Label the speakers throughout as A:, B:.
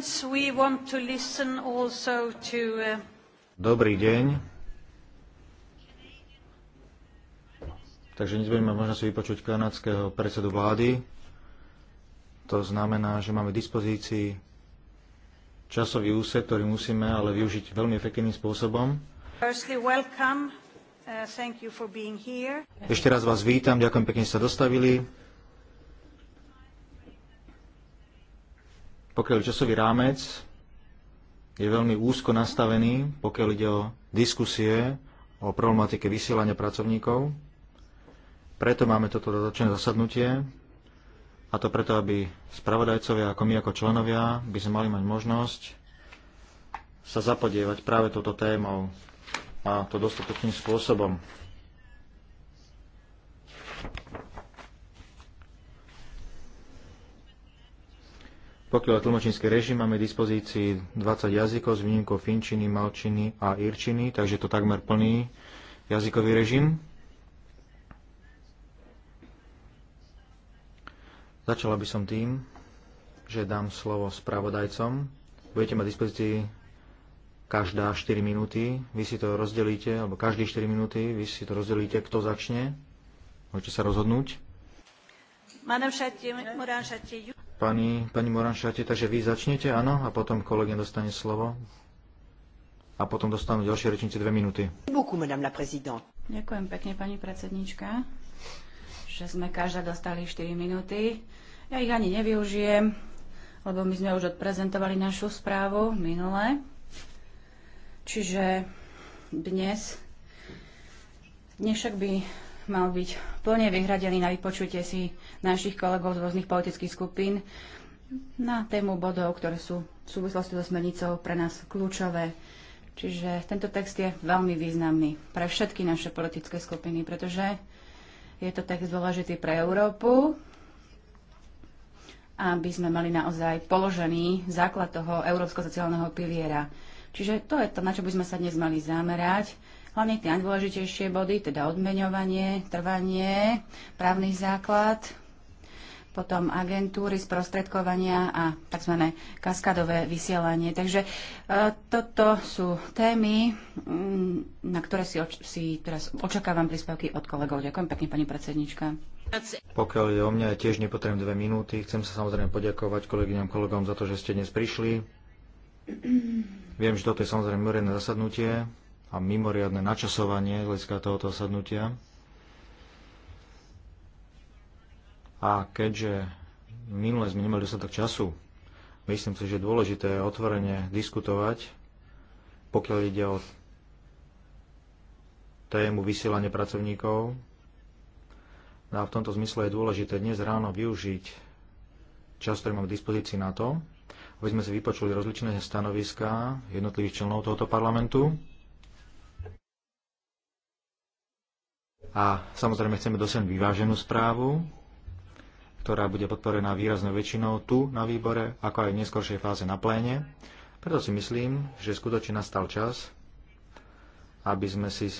A: friends, we want to listen also to... Uh,
B: Dobrý deň. Takže dnes budeme možnosť vypočuť kanadského predsedu vlády. To znamená, že máme v dispozícii časový úsek, ktorý musíme ale využiť veľmi efektívnym spôsobom.
A: Firstly, welcome. Uh, Ešte
B: raz vás vítam, ďakujem pekne, že ste dostavili. pokiaľ časový rámec je veľmi úzko nastavený, pokiaľ ide o diskusie o problematike vysielania pracovníkov. Preto máme toto dodatočné zasadnutie a to preto, aby spravodajcovia ako my ako členovia by sme mali mať možnosť sa zapodievať práve touto témou a to dostatočným spôsobom. Pokiaľ o režim, máme dispozícii 20 jazykov s výnimkou finčiny, malčiny a irčiny, takže to takmer plný jazykový režim. Začala by som tým, že dám slovo spravodajcom. Budete mať dispozícii každá 4 minúty. Vy si to rozdelíte, alebo každý 4 minúty, vy si to rozdelíte, kto začne. Môžete sa rozhodnúť pani, pani Moranšate, takže vy začnete, áno, a potom kolegia dostane slovo. A potom dostanú ďalšie rečnice dve minúty.
C: Ďakujem pekne, pani predsednička, že sme každá dostali 4 minúty. Ja ich ani nevyužijem, lebo my sme už odprezentovali našu správu minule. Čiže dnes, dnes by mal byť plne vyhradený na vypočutie si našich kolegov z rôznych politických skupín na tému bodov, ktoré sú v súvislosti so smernicou pre nás kľúčové. Čiže tento text je veľmi významný pre všetky naše politické skupiny, pretože je to text dôležitý pre Európu, aby sme mali naozaj položený základ toho európsko-sociálneho piliera. Čiže to je to, na čo by sme sa dnes mali zamerať hlavne tie najdôležitejšie body, teda odmeňovanie, trvanie, právny základ, potom agentúry sprostredkovania a tzv. kaskadové vysielanie. Takže e, toto sú témy, mm, na ktoré si, oč- si teraz očakávam príspevky od kolegov. Ďakujem pekne, pani predsednička.
B: Pokiaľ je o mňa, ja tiež nepotrebujem dve minúty. Chcem sa samozrejme poďakovať kolegyňam kolegom za to, že ste dnes prišli. Viem, že toto je samozrejme morené zasadnutie a mimoriadne načasovanie hľadiska tohoto sadnutia. A keďže minule sme nemali dostatok času, myslím si, že je dôležité otvorene diskutovať, pokiaľ ide o tému vysielania pracovníkov. No a v tomto zmysle je dôležité dnes ráno využiť čas, ktorý mám k dispozícii na to, aby sme si vypočuli rozličné stanoviská jednotlivých členov tohoto parlamentu A samozrejme chceme dosiahnuť vyváženú správu, ktorá bude podporená výraznou väčšinou tu na výbore, ako aj v neskôršej fáze na pléne. Preto si myslím, že skutočne nastal čas, aby sme si e,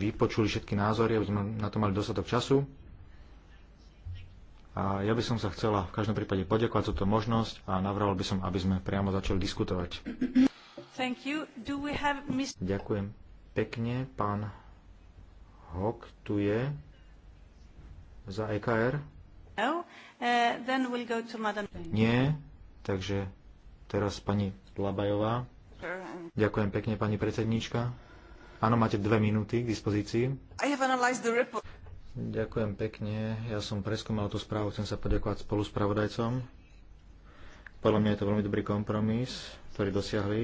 B: vypočuli všetky názory, aby sme na to mali dostatok času. A ja by som sa chcela v každom prípade poďakovať za túto možnosť a navrhol by som, aby sme priamo začali diskutovať. Ďakujem pekne, pán Hock tu je za EKR.
A: No, uh, then we'll go to Nie,
B: takže teraz pani Labajová. Ďakujem pekne, pani predsednička. Áno, máte dve minúty k dispozícii. Ďakujem pekne. Ja som preskúmal tú správu, chcem sa poďakovať spoluspravodajcom. Podľa mňa je to veľmi dobrý kompromis, ktorý dosiahli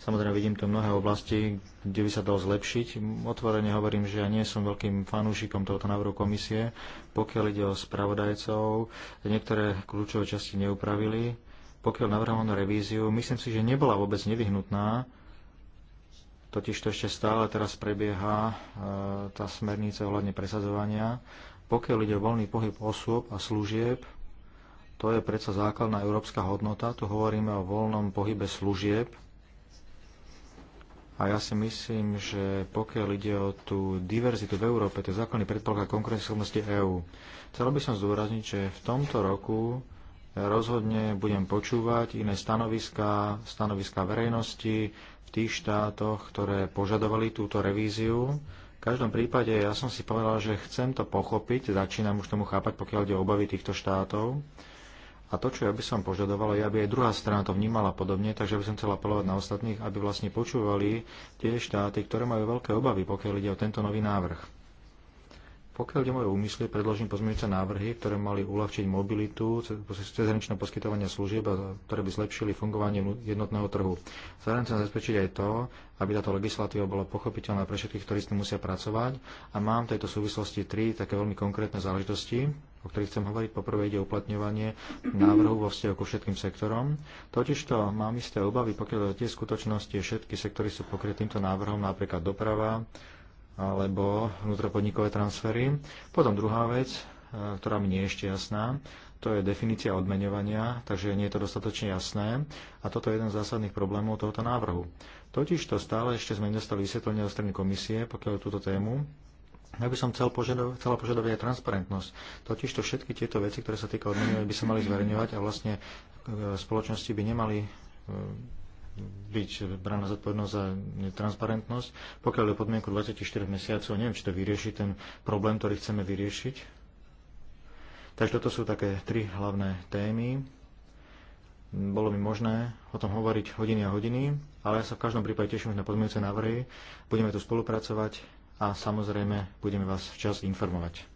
B: Samozrejme vidím tu mnohé oblasti, kde by sa dalo zlepšiť. Otvorene hovorím, že ja nie som veľkým fanúšikom tohoto návrhu komisie. Pokiaľ ide o spravodajcov, niektoré kľúčové časti neupravili. Pokiaľ navrhovanú revíziu, myslím si, že nebola vôbec nevyhnutná, totiž to ešte stále teraz prebieha e, tá smernica ohľadne presadzovania. Pokiaľ ide o voľný pohyb osôb a služieb, to je predsa základná európska hodnota. Tu hovoríme o voľnom pohybe služieb, a ja si myslím, že pokiaľ ide o tú diverzitu v Európe, to je základný predpoklad konkurenceschopnosti EÚ. Chcel by som zdôrazniť, že v tomto roku rozhodne budem počúvať iné stanoviská, stanoviská verejnosti v tých štátoch, ktoré požadovali túto revíziu. V každom prípade ja som si povedal, že chcem to pochopiť, začínam už tomu chápať, pokiaľ ide o obavy týchto štátov. A to, čo ja by som požadovala, je, aby aj druhá strana to vnímala podobne, takže by som chcel apelovať na ostatných, aby vlastne počúvali tie štáty, ktoré majú veľké obavy, pokiaľ ide o tento nový návrh. Pokiaľ ide moje úmysly, predložím pozmeňujúce návrhy, ktoré mali uľahčiť mobilitu, cezhraničné poskytovanie služieb, ktoré by zlepšili fungovanie jednotného trhu. Zároveň chcem zabezpečiť aj to, aby táto legislatíva bola pochopiteľná pre všetkých, ktorí s tým musia pracovať. A mám v tejto súvislosti tri také veľmi konkrétne záležitosti, o ktorých chcem hovoriť. Poprvé ide uplatňovanie návrhu vo vzťahu ku všetkým sektorom. Totižto mám isté obavy, pokiaľ tie skutočnosti všetky sektory sú pokryté týmto návrhom, napríklad doprava, alebo vnútropodnikové transfery. Potom druhá vec, e, ktorá mi nie je ešte jasná, to je definícia odmeňovania, takže nie je to dostatočne jasné a toto je jeden z zásadných problémov tohoto návrhu. Totiž to stále ešte sme nedostali vysvetlenie zo strany komisie, pokiaľ túto tému, ja by som chcel požadov- chcela požadovať aj transparentnosť. Totiž to všetky tieto veci, ktoré sa týka odmeňovania, by sa mali zverejňovať a vlastne e, spoločnosti by nemali e, byť braná zodpovednosť za transparentnosť. Pokiaľ je podmienku 24 mesiacov, neviem, či to vyrieši ten problém, ktorý chceme vyriešiť. Takže toto sú také tri hlavné témy. Bolo by možné o tom hovoriť hodiny a hodiny, ale ja sa v každom prípade teším už na podmienujúce návrhy. Budeme tu spolupracovať a samozrejme budeme vás včas informovať.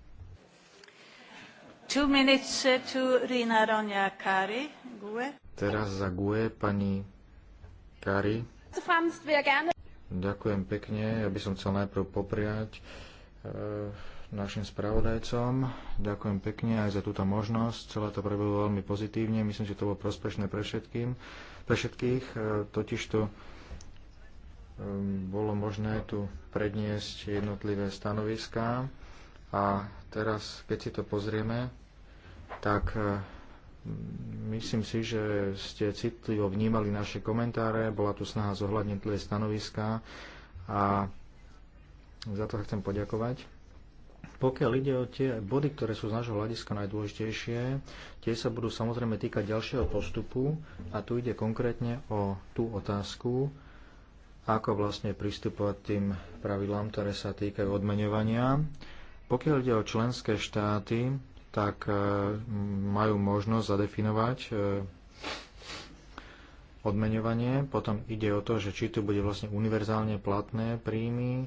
A: Two minutes eh, to Rina Ronia Kari, GUE.
B: Teraz za GUE pani Kari. Ďakujem pekne. Ja by som chcel najprv popriať e, našim spravodajcom. Ďakujem pekne aj za túto možnosť. Celé to prebehlo veľmi pozitívne. Myslím, že to bolo prospešné pre, všetkým, pre všetkých. E, totiž to e, bolo možné tu predniesť jednotlivé stanoviská. A teraz, keď si to pozrieme, tak Myslím si, že ste citlivo vnímali naše komentáre, bola tu snaha zohľadniť tie stanoviská a za to chcem poďakovať. Pokiaľ ide o tie body, ktoré sú z nášho hľadiska najdôležitejšie, tie sa budú samozrejme týkať ďalšieho postupu a tu ide konkrétne o tú otázku, ako vlastne pristupovať tým pravidlám, ktoré sa týkajú odmeňovania. Pokiaľ ide o členské štáty, tak e, majú možnosť zadefinovať e, odmeňovanie. Potom ide o to, že či tu bude vlastne univerzálne platné príjmy. E,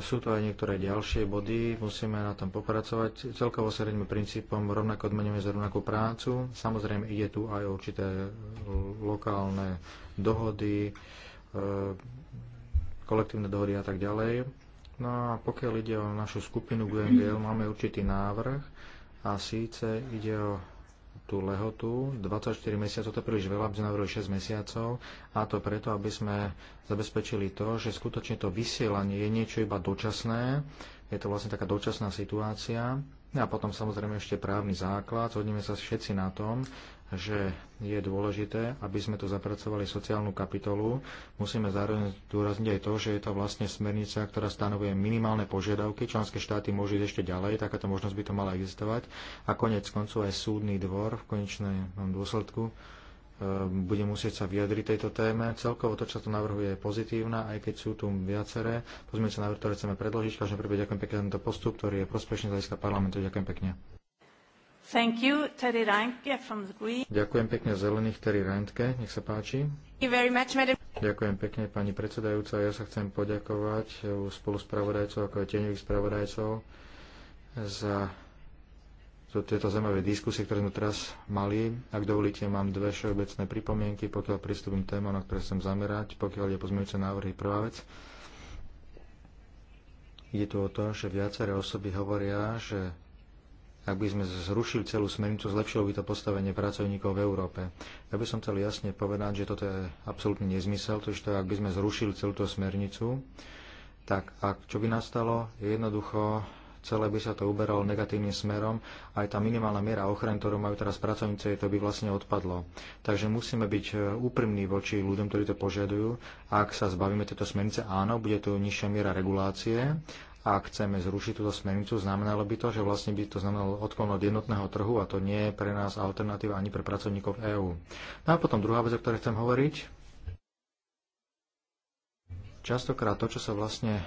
B: sú tu aj niektoré ďalšie body, musíme na tom popracovať. Celkovo sa princípom rovnako odmenujeme za rovnakú prácu. Samozrejme ide tu aj o určité lokálne dohody, kolektívne dohody a tak ďalej. No a pokiaľ ide o našu skupinu GNGL, máme určitý návrh, a síce ide o tú lehotu, 24 mesiacov, to je príliš veľa, aby sme navrhli 6 mesiacov, a to preto, aby sme zabezpečili to, že skutočne to vysielanie je niečo iba dočasné, je to vlastne taká dočasná situácia No a potom samozrejme ešte právny základ. Zhodneme sa všetci na tom, že je dôležité, aby sme tu zapracovali sociálnu kapitolu. Musíme zároveň zdôrazniť aj to, že je to vlastne smernica, ktorá stanovuje minimálne požiadavky. Členské štáty môžu ísť ešte ďalej, takáto možnosť by to mala existovať. A konec koncov aj súdny dvor v konečnom dôsledku Ehm, bude musieť sa vyjadriť tejto téme. Celkovo to, čo tu navrhuje, je pozitívna, aj keď sú tu viaceré pozmeňujúce návrhy, ktoré chceme predložiť. V každom prípade ďakujem pekne za tento postup, ktorý je prospešný z hľadiska parlamentu. Ďakujem pekne.
A: Thank you, Terry Reintke from the Green.
B: Ďakujem pekne zelených Terry Reintke, nech sa páči. Much, Ďakujem pekne pani predsedajúca. Ja sa chcem poďakovať spolu spravodajcov ako aj tieňových spravodajcov za tejto zaujímavej diskusie, ktoré sme teraz mali. Ak dovolíte, mám dve všeobecné pripomienky, pokiaľ pristúpim téma, na ktoré chcem zamerať, pokiaľ je pozmeňujúce návrhy prvá vec. Ide tu o to, že viaceré osoby hovoria, že ak by sme zrušili celú smernicu, zlepšilo by to postavenie pracovníkov v Európe. Ja by som chcel jasne povedať, že toto je absolútny nezmysel, to, to ak by sme zrušili celú tú smernicu, tak ak, čo by nastalo, jednoducho celé by sa to uberalo negatívnym smerom. Aj tá minimálna miera ochrany, ktorú majú teraz pracovníci, to by vlastne odpadlo. Takže musíme byť e, úprimní voči ľuďom, ktorí to požiadujú. Ak sa zbavíme tejto smernice, áno, bude tu nižšia miera regulácie, ak chceme zrušiť túto smernicu, znamenalo by to, že vlastne by to znamenalo odklon od jednotného trhu a to nie je pre nás alternatíva ani pre pracovníkov EÚ. No a potom druhá vec, o ktorej chcem hovoriť. Častokrát to, čo sa vlastne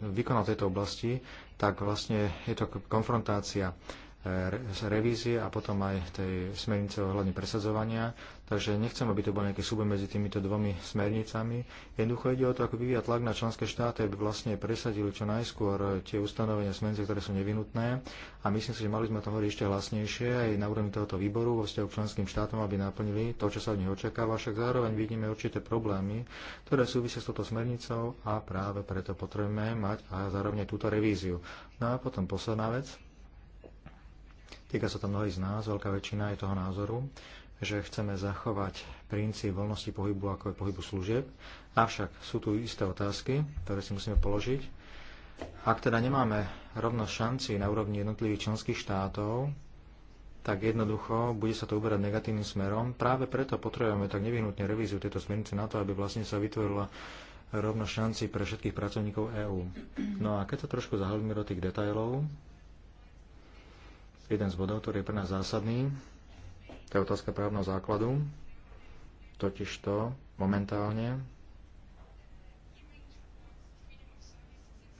B: vykonal v tejto oblasti, tak vlastne je to konfrontácia eh, revízie a potom aj tej smernice ohľadne presadzovania. Takže nechcem, aby to bol nejaký súboj medzi týmito dvomi smernicami. Jednoducho ide o to, ako vyvíja tlak na členské štáty, aby vlastne presadili čo najskôr tie ustanovenia smernice, ktoré sú nevinutné. A myslím si, že mali sme to hovoriť ešte hlasnejšie aj na úrovni tohoto výboru vo vzťahu k členským štátom, aby naplnili to, čo sa od nich očakáva. Však zároveň vidíme určité problémy, ktoré súvisia s touto smernicou a práve preto potrebujeme mať a zároveň aj túto revíziu. No a potom posledná vec. Týka sa to mnohých z nás, veľká väčšina je toho názoru že chceme zachovať princíp voľnosti pohybu ako je pohybu služieb, avšak sú tu isté otázky, ktoré si musíme položiť. Ak teda nemáme rovnosť šanci na úrovni jednotlivých členských štátov, tak jednoducho bude sa to uberať negatívnym smerom. Práve preto potrebujeme tak nevyhnutne revíziu tejto smernice na to, aby vlastne sa vytvorila rovno šanci pre všetkých pracovníkov EÚ. No a keď to trošku zahľadíme do tých detajlov, jeden z bodov, ktorý je pre nás zásadný, to je otázka právneho základu. Totižto momentálne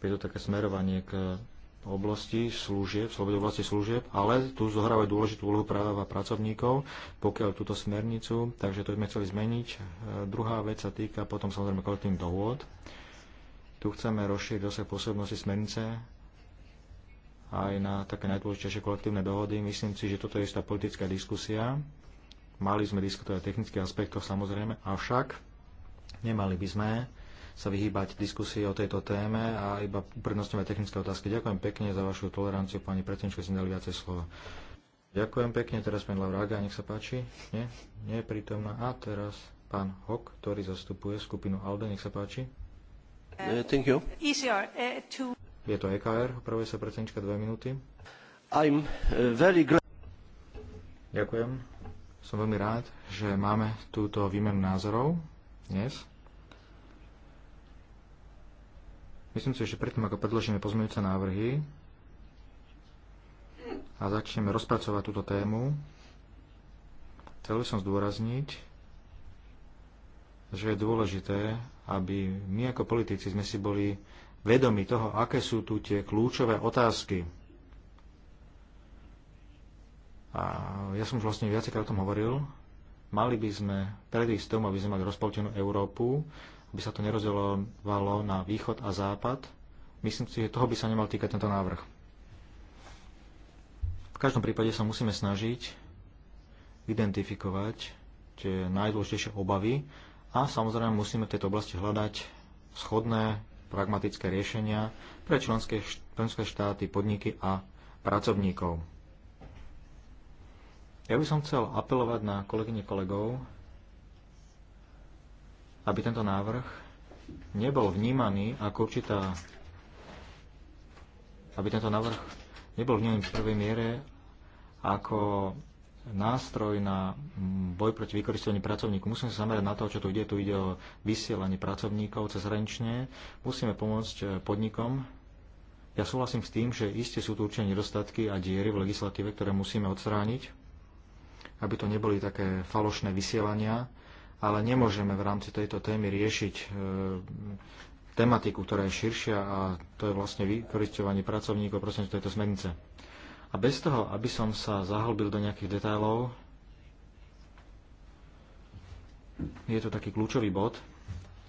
B: je to také smerovanie k oblasti služieb, slobode oblasti služieb, ale tu zohrávajú dôležitú úlohu práva pracovníkov, pokiaľ túto smernicu, takže to sme chceli zmeniť. E, druhá vec sa týka potom samozrejme kolektívnych dohôd. Tu chceme rozšíriť dosah pôsobnosti smernice aj na také najdôležitejšie kolektívne dohody. Myslím si, že toto je istá politická diskusia. Mali sme diskutovať o technických aspektoch samozrejme, avšak nemali by sme sa vyhýbať diskusii o tejto téme a iba uprednostňovať technické otázky. Ďakujem pekne za vašu toleranciu, pani predsednička, som dali viacej slova. Ďakujem pekne, teraz pán Lavraga, nech sa páči. Nie, nie je prítomná. A teraz pán Hock, ktorý zastupuje skupinu ALDE, nech sa páči. Uh, thank you.
A: Easier, uh, to...
B: Je to EKR, opravuje sa predsednička 2 minúty. I'm eh, very glad. Ďakujem. Som veľmi rád, že máme túto výmenu názorov dnes. Myslím si, že predtým, ako predložíme pozmeňujúce návrhy a začneme rozpracovať túto tému, chcel by som zdôrazniť, že je dôležité, aby my ako politici sme si boli vedomi toho, aké sú tu tie kľúčové otázky. A ja som už vlastne viacekrát o tom hovoril. Mali by sme predísť tomu, aby sme mali rozpoltenú Európu, aby sa to nerozdelovalo na východ a západ. Myslím si, že toho by sa nemal týkať tento návrh. V každom prípade sa musíme snažiť identifikovať tie najdôležitejšie obavy a samozrejme musíme v tejto oblasti hľadať schodné pragmatické riešenia pre členské, členské štáty, podniky a pracovníkov. Ja by som chcel apelovať na kolegyne kolegov, aby tento návrh nebol vnímaný ako určitá aby tento návrh nebol vnímaný v prvej miere ako nástroj na mm, boj proti vykoristovaniu pracovníkov. Musíme sa zamerať na to, čo tu ide. Tu ide o vysielanie pracovníkov cezhranične. Musíme pomôcť e, podnikom. Ja súhlasím s tým, že iste sú tu určené nedostatky a diery v legislatíve, ktoré musíme odstrániť, aby to neboli také falošné vysielania, ale nemôžeme v rámci tejto témy riešiť e, tematiku, ktorá je širšia a to je vlastne vykoristovanie pracovníkov prosím tejto smernice. A bez toho, aby som sa zahlbil do nejakých detajlov, je to taký kľúčový bod,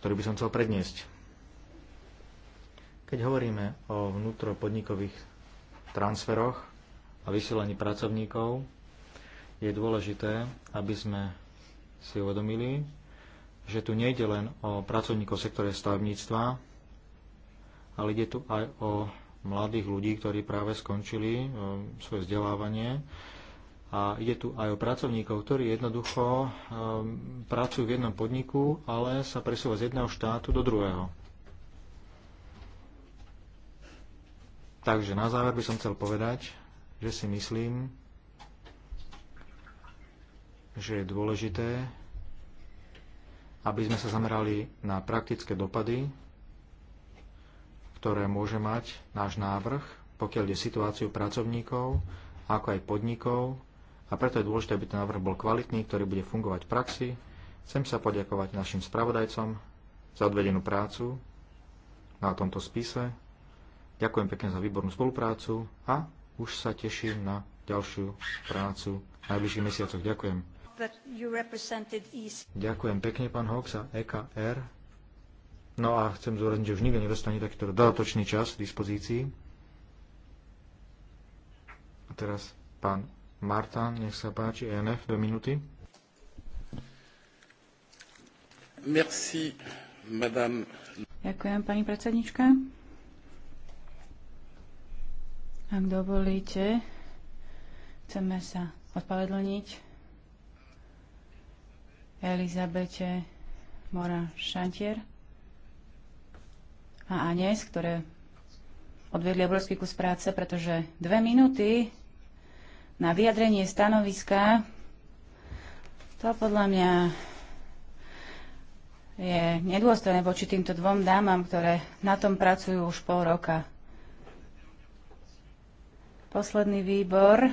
B: ktorý by som chcel predniesť. Keď hovoríme o vnútropodnikových transferoch a vysielaní pracovníkov, je dôležité, aby sme si uvedomili, že tu nejde len o pracovníkov sektore stavebníctva, ale ide tu aj o mladých ľudí, ktorí práve skončili e, svoje vzdelávanie. A ide tu aj o pracovníkov, ktorí jednoducho e, pracujú v jednom podniku, ale sa presúva z jedného štátu do druhého. Takže na záver by som chcel povedať, že si myslím, že je dôležité, aby sme sa zamerali na praktické dopady ktoré môže mať náš návrh, pokiaľ je situáciu pracovníkov, ako aj podnikov a preto je dôležité, aby ten návrh bol kvalitný, ktorý bude fungovať v praxi. Chcem sa poďakovať našim spravodajcom za odvedenú prácu na tomto spise. Ďakujem pekne za výbornú spoluprácu a už sa teším na ďalšiu prácu v najbližších mesiacoch. Ďakujem. Ďakujem pekne, pán Hox a EKR. No a chcem zúrazniť, že už nikto nedostane takýto dodatočný čas v dispozícii. A teraz pán Martan, nech sa páči, ENF, dve minúty.
C: Merci, madame. Ďakujem, pani predsednička. Ak dovolíte, chceme sa odpovedlniť Elizabete Mora Šantier a Anes, ktoré odvedli obrovský kus práce, pretože dve minúty na vyjadrenie stanoviska, to podľa mňa je nedôstojné voči týmto dvom dámam, ktoré na tom pracujú už pol roka. Posledný výbor,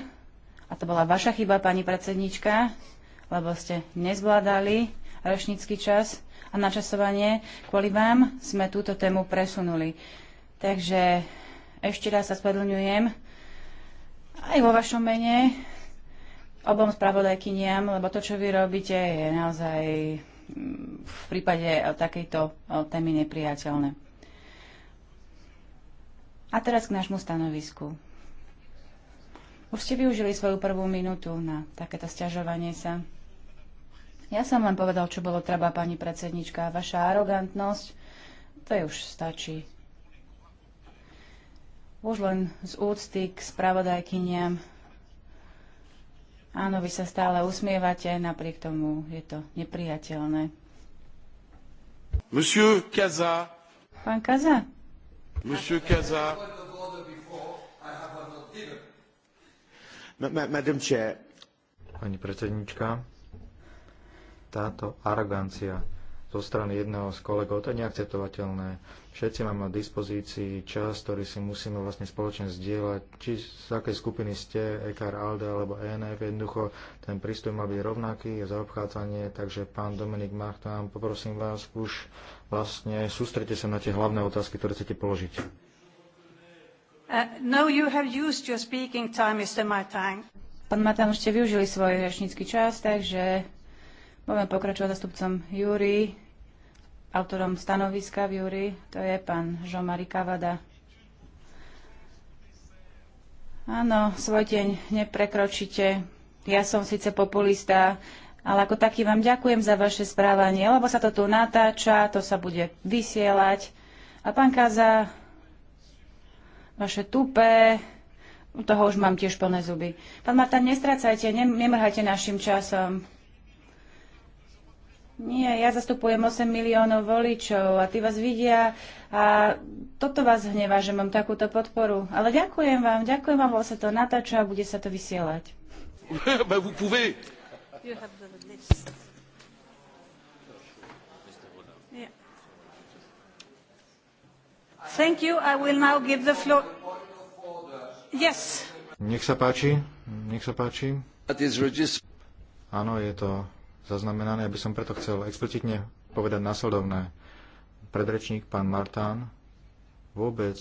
C: a to bola vaša chyba, pani predsednička, lebo ste nezvládali rešnický čas, a načasovanie. Kvôli vám sme túto tému presunuli. Takže ešte raz sa spadlňujem aj vo vašom mene obom spravodajkyniam, lebo to, čo vy robíte, je naozaj mm, v prípade eh, takejto eh, témy nepriateľné. A teraz k nášmu stanovisku. Už ste využili svoju prvú minútu na takéto sťažovanie sa. Ja som len povedal, čo bolo treba, pani predsednička. Vaša arogantnosť, to je už stačí. Už len z úcty k spravodajkyniam. Áno, vy sa stále usmievate, napriek tomu je to nepriateľné.
D: Monsieur Kaza.
B: Pán Kaza. Monsieur Kaza. Pani predsednička, táto arogancia zo strany jedného z kolegov, to je neakceptovateľné. Všetci máme na dispozícii čas, ktorý si musíme vlastne spoločne zdieľať, či z akej skupiny ste, EKR, ALDE alebo ENF, jednoducho ten prístup má byť rovnaký, je zaobchádzanie, takže pán Dominik tam poprosím vás, už vlastne sústrete sa na tie hlavné otázky, ktoré chcete položiť.
A: Uh, no, you have used your speaking time, Mr. Martin. Pán Matan, už ste
C: využili svoj rečnícky čas, takže Budeme pokračovať zastupcom Júri, autorom stanoviska v Júri, to je pán Žomari Kavada. Áno, svoj deň neprekročíte. Ja som síce populista, ale ako taký vám ďakujem za vaše správanie, lebo sa to tu natáča, to sa bude vysielať. A pán Kaza, vaše tupé, toho už mám tiež plné zuby. Pán Marta, nestracajte, nemrhajte našim časom. Nie, ja zastupujem 8 miliónov voličov a tí vás vidia a toto vás hnevá, že mám takúto podporu. Ale ďakujem vám, ďakujem vám, bol sa to natáča a bude sa to vysielať.
A: Thank you. I will now give the floor. Yes.
B: Nech sa páči. Nech sa páči. Áno, je to zaznamenané. Ja by som preto chcel explicitne povedať následovné. Predrečník pán Martán vôbec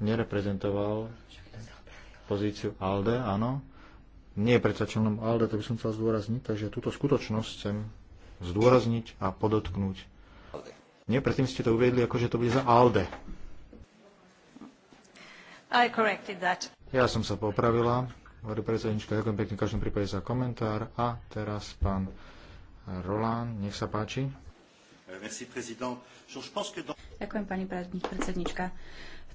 B: nereprezentoval pozíciu ALDE, áno. Nie je predsa členom ALDE, to by som chcel zdôrazniť, takže túto skutočnosť chcem zdôrazniť a podotknúť. Nie, predtým ste to uviedli, ako že to bude za ALDE. Ja som sa popravila. Hovorí predsednička, ďakujem pekne v každom prípade za komentár. A teraz pán Rolán, nech sa páči.
C: Ďakujem pani predsednička.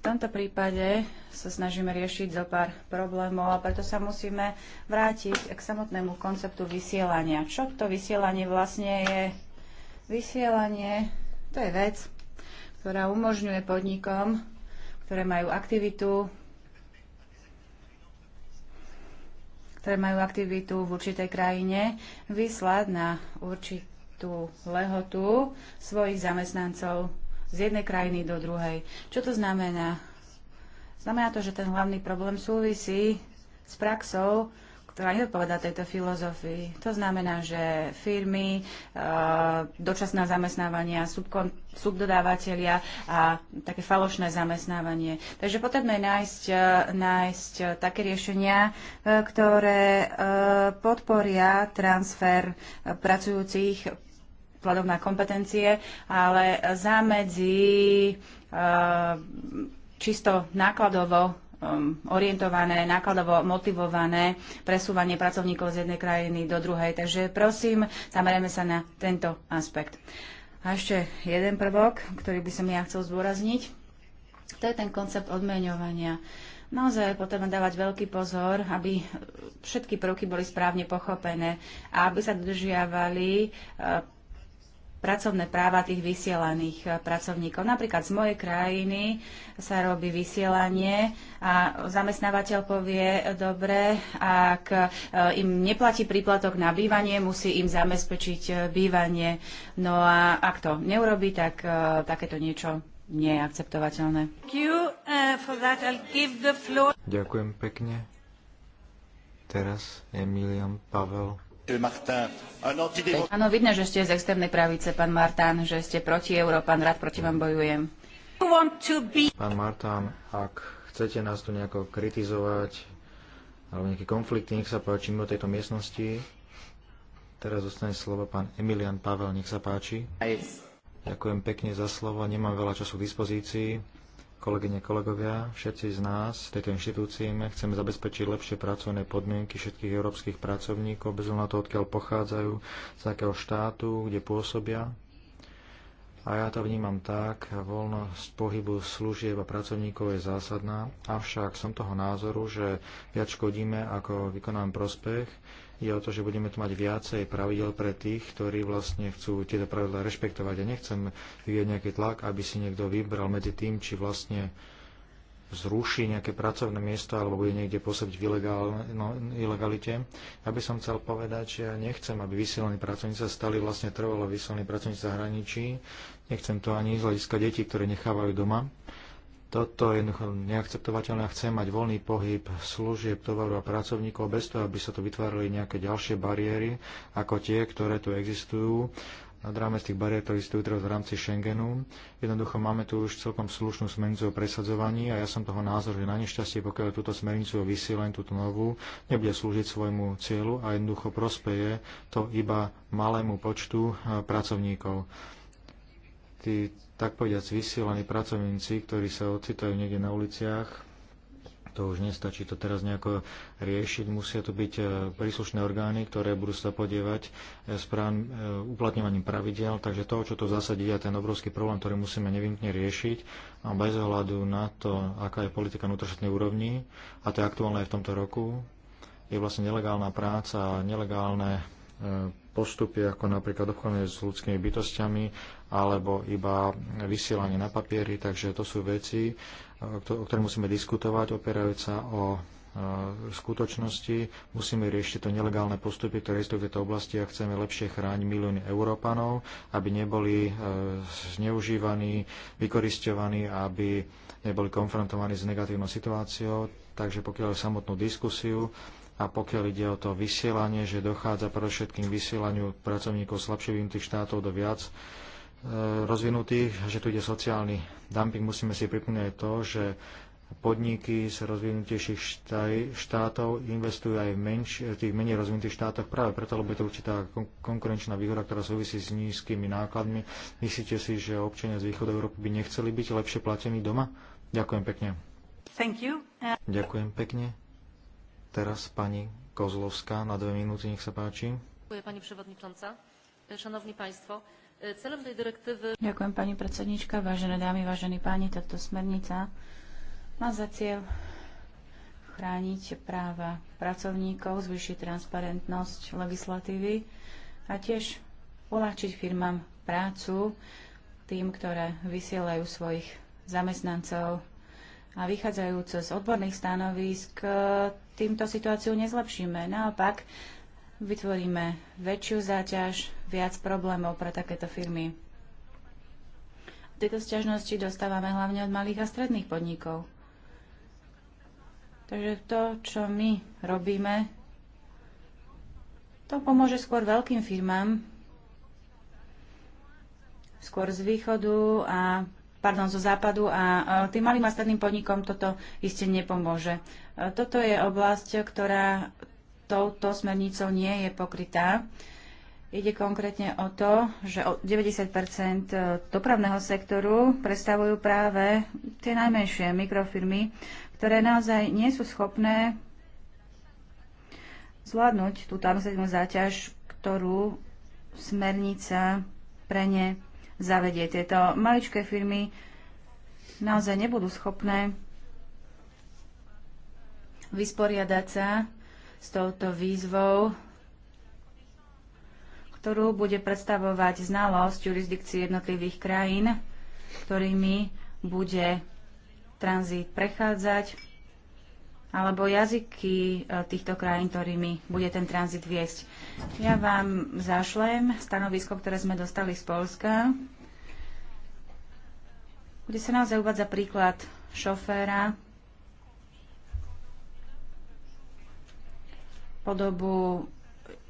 C: V tomto prípade sa snažíme riešiť zo pár problémov a preto sa musíme vrátiť k samotnému konceptu vysielania. Čo to vysielanie vlastne je? Vysielanie to je vec, ktorá umožňuje podnikom, ktoré majú aktivitu ktoré majú aktivitu v určitej krajine, vyslať na určitú lehotu svojich zamestnancov z jednej krajiny do druhej. Čo to znamená? Znamená to, že ten hlavný problém súvisí s praxou, ktorá neodpovedá tejto filozofii. To znamená, že firmy, e, dočasná zamestnávania, subdodávateľia a také falošné zamestnávanie. Takže potrebné nájsť, e, nájsť také riešenia, e, ktoré podporia transfer pracujúcich vzhľadom na kompetencie, ale zamedzi čisto nákladovo Um, orientované, nákladovo motivované presúvanie pracovníkov z jednej krajiny do druhej. Takže prosím, zamerajme sa na tento aspekt. A ešte jeden prvok, ktorý by som ja chcel zdôrazniť. To je ten koncept odmeňovania. Naozaj potrebujeme dávať veľký pozor, aby všetky prvky boli správne pochopené a aby sa dodržiavali eh, pracovné práva tých vysielaných eh, pracovníkov. Napríklad z mojej krajiny sa robí vysielanie a zamestnávateľ povie, dobre, ak eh, im neplatí príplatok na bývanie, musí im zabezpečiť eh, bývanie. No a ak to neurobi, tak takéto niečo nie je akceptovateľné.
B: Ďakujem pekne. Teraz Emilian Pavel Eh,
C: Áno, vidno, že ste z extrémnej pravice, pán Martán, že ste proti Európan, rád proti vám bojujem.
B: Pán Martán, ak chcete nás tu nejako kritizovať, alebo nejaké konflikty, nech sa páči mimo tejto miestnosti. Teraz zostane slovo pán Emilian Pavel, nech sa páči. Ďakujem pekne za slovo, nemám veľa času k dispozícii kolegyne, kolegovia, všetci z nás tejto inštitúcii chceme zabezpečiť lepšie pracovné podmienky všetkých európskych pracovníkov, bez na to, odkiaľ pochádzajú, z akého štátu, kde pôsobia. A ja to vnímam tak, voľnosť pohybu služieb a pracovníkov je zásadná, avšak som toho názoru, že viac škodíme, ako vykonám prospech, je o to, že budeme tu mať viacej pravidel pre tých, ktorí vlastne chcú tieto pravidla rešpektovať. a nechcem vyvieť nejaký tlak, aby si niekto vybral medzi tým, či vlastne zruší nejaké pracovné miesto alebo bude niekde pôsobiť v ilegál, no, ilegalite. Ja by som chcel povedať, že ja nechcem, aby vysielaní pracovníci sa stali vlastne trvalo vysielaní pracovníci v zahraničí. Nechcem to ani z hľadiska detí, ktoré nechávajú doma. Toto je jednoducho neakceptovateľné. Chcem mať voľný pohyb služieb, tovaru a pracovníkov bez toho, aby sa tu vytvárali nejaké ďalšie bariéry, ako tie, ktoré tu existujú nad rámec tých bariér, ktoré existujú teraz v rámci Schengenu. Jednoducho máme tu už celkom slušnú smernicu o presadzovaní a ja som toho názoru, že na nešťastie, pokiaľ túto smernicu o vysielaní, túto novú, nebude slúžiť svojmu cieľu a jednoducho prospeje to iba malému počtu eh, pracovníkov tí, tak povediac, vysielaní pracovníci, ktorí sa ocitajú niekde na uliciach, to už nestačí to teraz nejako riešiť. Musia to byť e, príslušné orgány, ktoré budú sa podievať e, s e, uplatňovaním pravidel. Takže to, čo to zasadí, je ten obrovský problém, ktorý musíme nevyhnutne riešiť a bez ohľadu na to, aká je politika na úrovni, a to je aktuálne aj v tomto roku, je vlastne nelegálna práca a nelegálne postupy, ako napríklad obchodné s ľudskými bytostiami alebo iba vysielanie na papieri, takže to sú veci, o ktorých musíme diskutovať, operajú sa o e, skutočnosti. Musíme riešiť to nelegálne postupy, ktoré sú v tejto oblasti a chceme lepšie chrániť milióny Európanov, aby neboli e, zneužívaní, vykoristovaní, aby neboli konfrontovaní s negatívnou situáciou. Takže pokiaľ je samotnú diskusiu a pokiaľ ide o to vysielanie, že dochádza predovšetkým vysielaniu pracovníkov slabšie vyvinutých štátov do viac E, rozvinutých, že tu ide sociálny dumping. Musíme si pripomínať to, že podniky z rozvinutejších štátov investujú aj v, menš- tých menej rozvinutých štátoch práve preto, lebo je to určitá konkurenčná výhoda, ktorá súvisí s nízkymi nákladmi. Myslíte si, že občania z východu Európy by nechceli byť lepšie platení doma? Ďakujem pekne.
A: Thank
D: you. Uh,
B: Ďakujem pekne. Teraz pani Kozlovská na dve minúty, nech sa páči.
D: Ďakujem pani przewodnicząca. Szanowni Państwo, E, Celom tej direktívy... Ďakujem
C: pani predsednička, vážené dámy, vážení páni, táto smernica má za cieľ chrániť práva pracovníkov, zvýšiť transparentnosť legislatívy a tiež uľahčiť firmám prácu tým, ktoré vysielajú svojich zamestnancov a vychádzajúco z odborných stanovisk, e, týmto situáciu nezlepšíme. Naopak, vytvoríme väčšiu záťaž viac problémov pre takéto firmy. Tieto sťažnosti dostávame hlavne od malých a stredných podnikov. Takže to, čo my robíme, to pomôže skôr veľkým firmám, skôr z východu a pardon, zo západu a tým malým a stredným podnikom toto iste nepomôže. Toto je oblasť, ktorá touto smernicou nie je pokrytá. Ide konkrétne o to, že 90 e, dopravného sektoru predstavujú práve tie najmenšie mikrofirmy, ktoré naozaj nie sú schopné zvládnuť túto administratívnu záťaž, ktorú smernica pre ne zavedie. Tieto maličké firmy naozaj nebudú schopné vysporiadať sa s touto výzvou ktorú bude predstavovať znalosť jurisdikcie jednotlivých krajín, ktorými bude tranzit prechádzať, alebo jazyky e, týchto krajín, ktorými bude ten tranzit viesť. Ja vám zašlem stanovisko, ktoré sme dostali z Polska, kde sa naozaj uvádza príklad šoféra, po dobu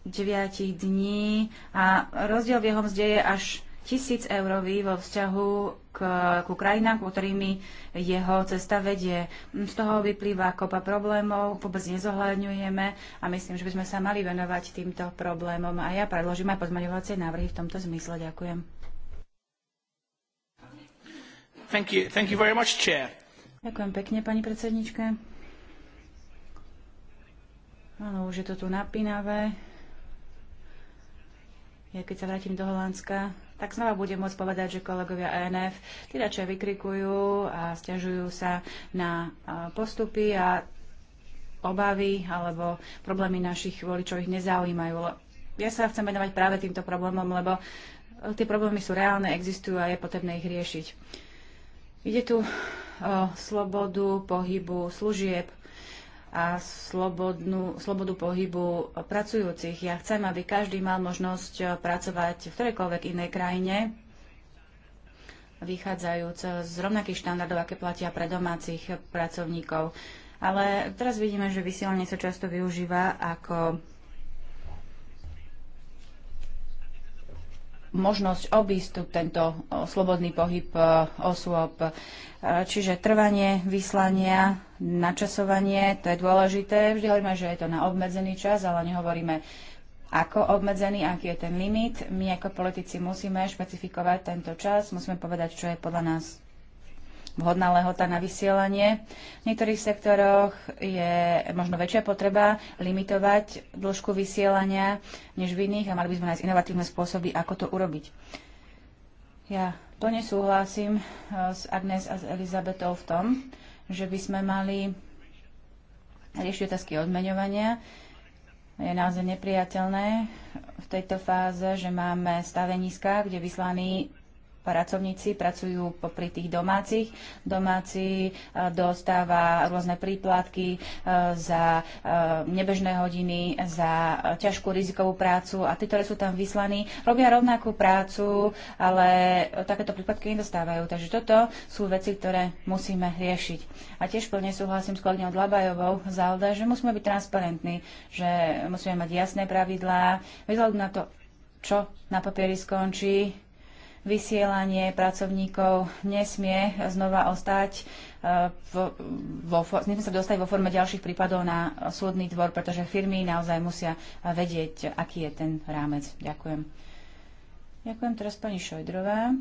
C: 9 dní a rozdiel v jeho mzde je až tisíc eurový vo vzťahu k, ku krajinám, ku ktorými jeho cesta vedie. Z toho vyplýva kopa problémov, vôbec nezohľadňujeme a myslím, že by sme sa mali venovať týmto problémom a ja predložím aj pozmaňovacie návrhy v tomto zmysle. Ďakujem.
A: Thank you. Thank you very much, chair.
C: Ďakujem pekne, pani predsednička. Áno, už je to tu napínavé ja keď sa vrátim do Holandska, tak znova budem môcť povedať, že kolegovia ENF tí radšej vykrikujú a stiažujú sa na postupy a obavy alebo problémy našich voličov ich nezaujímajú. Ja sa chcem venovať práve týmto problémom, lebo e, tie problémy sú reálne, existujú a je potrebné ich riešiť. Ide tu o slobodu pohybu služieb, a slobodnú, slobodu pohybu pracujúcich. Ja chcem, aby každý mal možnosť eh, pracovať v ktorejkoľvek inej krajine, vychádzajúc eh, z rovnakých štandardov, aké platia pre domácich pracovníkov. Ale teraz vidíme, že vysielanie sa často využíva ako možnosť obísť tento eh, slobodný pohyb osôb. Čiže trvanie vyslania načasovanie, to je dôležité. Vždy hovoríme, že je to na obmedzený čas, ale nehovoríme, ako obmedzený, aký je ten limit. My ako politici musíme špecifikovať tento čas, musíme povedať, čo je podľa nás vhodná lehota na vysielanie. V niektorých sektoroch je možno väčšia potreba limitovať dĺžku vysielania než v iných a mali by sme nájsť inovatívne spôsoby, ako to urobiť. Ja Plne súhlasím eh, s Agnes a s Elizabetou v tom, že by sme mali riešiť otázky odmeňovania. Je naozaj nepriateľné v tejto fáze, že máme staveniska, kde vyslaní pracovníci pracujú popri tých domácich. Domáci e, dostáva rôzne príplatky e, za e, nebežné hodiny, za ťažkú rizikovú prácu a tí, ktorí sú tam vyslaní, robia rovnakú prácu, ale takéto príplatky nedostávajú. Takže toto sú veci, ktoré musíme riešiť. A tiež plne súhlasím s kolegyňou Dlabajovou z Alda, že musíme byť transparentní, že musíme mať jasné pravidlá, vzhľadom na to, čo na papieri skončí, vysielanie pracovníkov nesmie znova ostať e, vo, vo, nesmie sa dostať vo forme ďalších prípadov na súdny dvor, pretože firmy naozaj musia vedieť, aký je ten rámec. Ďakujem. Ďakujem teraz pani Šojdrová.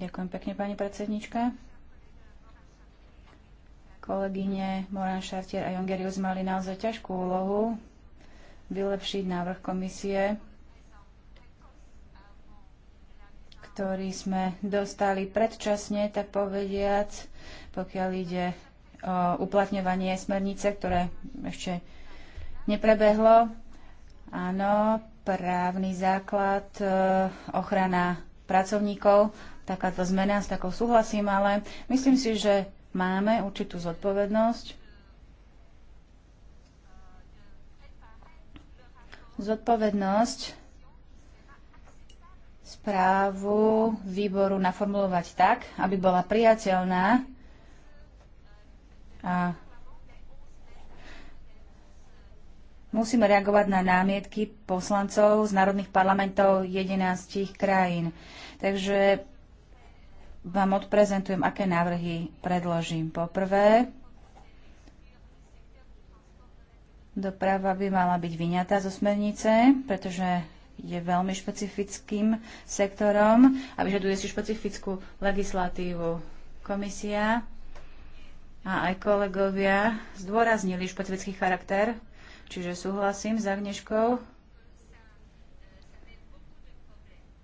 C: Ďakujem pekne, pani predsednička. Kolegyne Moran Šartier a Jongerius mali naozaj ťažkú úlohu vylepšiť návrh komisie ktorý sme dostali predčasne, tak povediac, pokiaľ ide o uplatňovanie smernice, ktoré ešte neprebehlo. Áno, právny základ, e, ochrana pracovníkov, takáto zmena, s takou súhlasím, ale myslím si, že máme určitú zodpovednosť zodpovednosť správu výboru naformulovať tak, aby bola priateľná a musíme reagovať na námietky poslancov z národných parlamentov 11 krajín. Takže vám odprezentujem, aké návrhy predložím. Poprvé, doprava by mala byť vyňatá zo smernice, pretože je veľmi špecifickým sektorom a vyžaduje si špecifickú legislatívu. Komisia a aj kolegovia zdôraznili špecifický charakter, čiže súhlasím s Agneškou,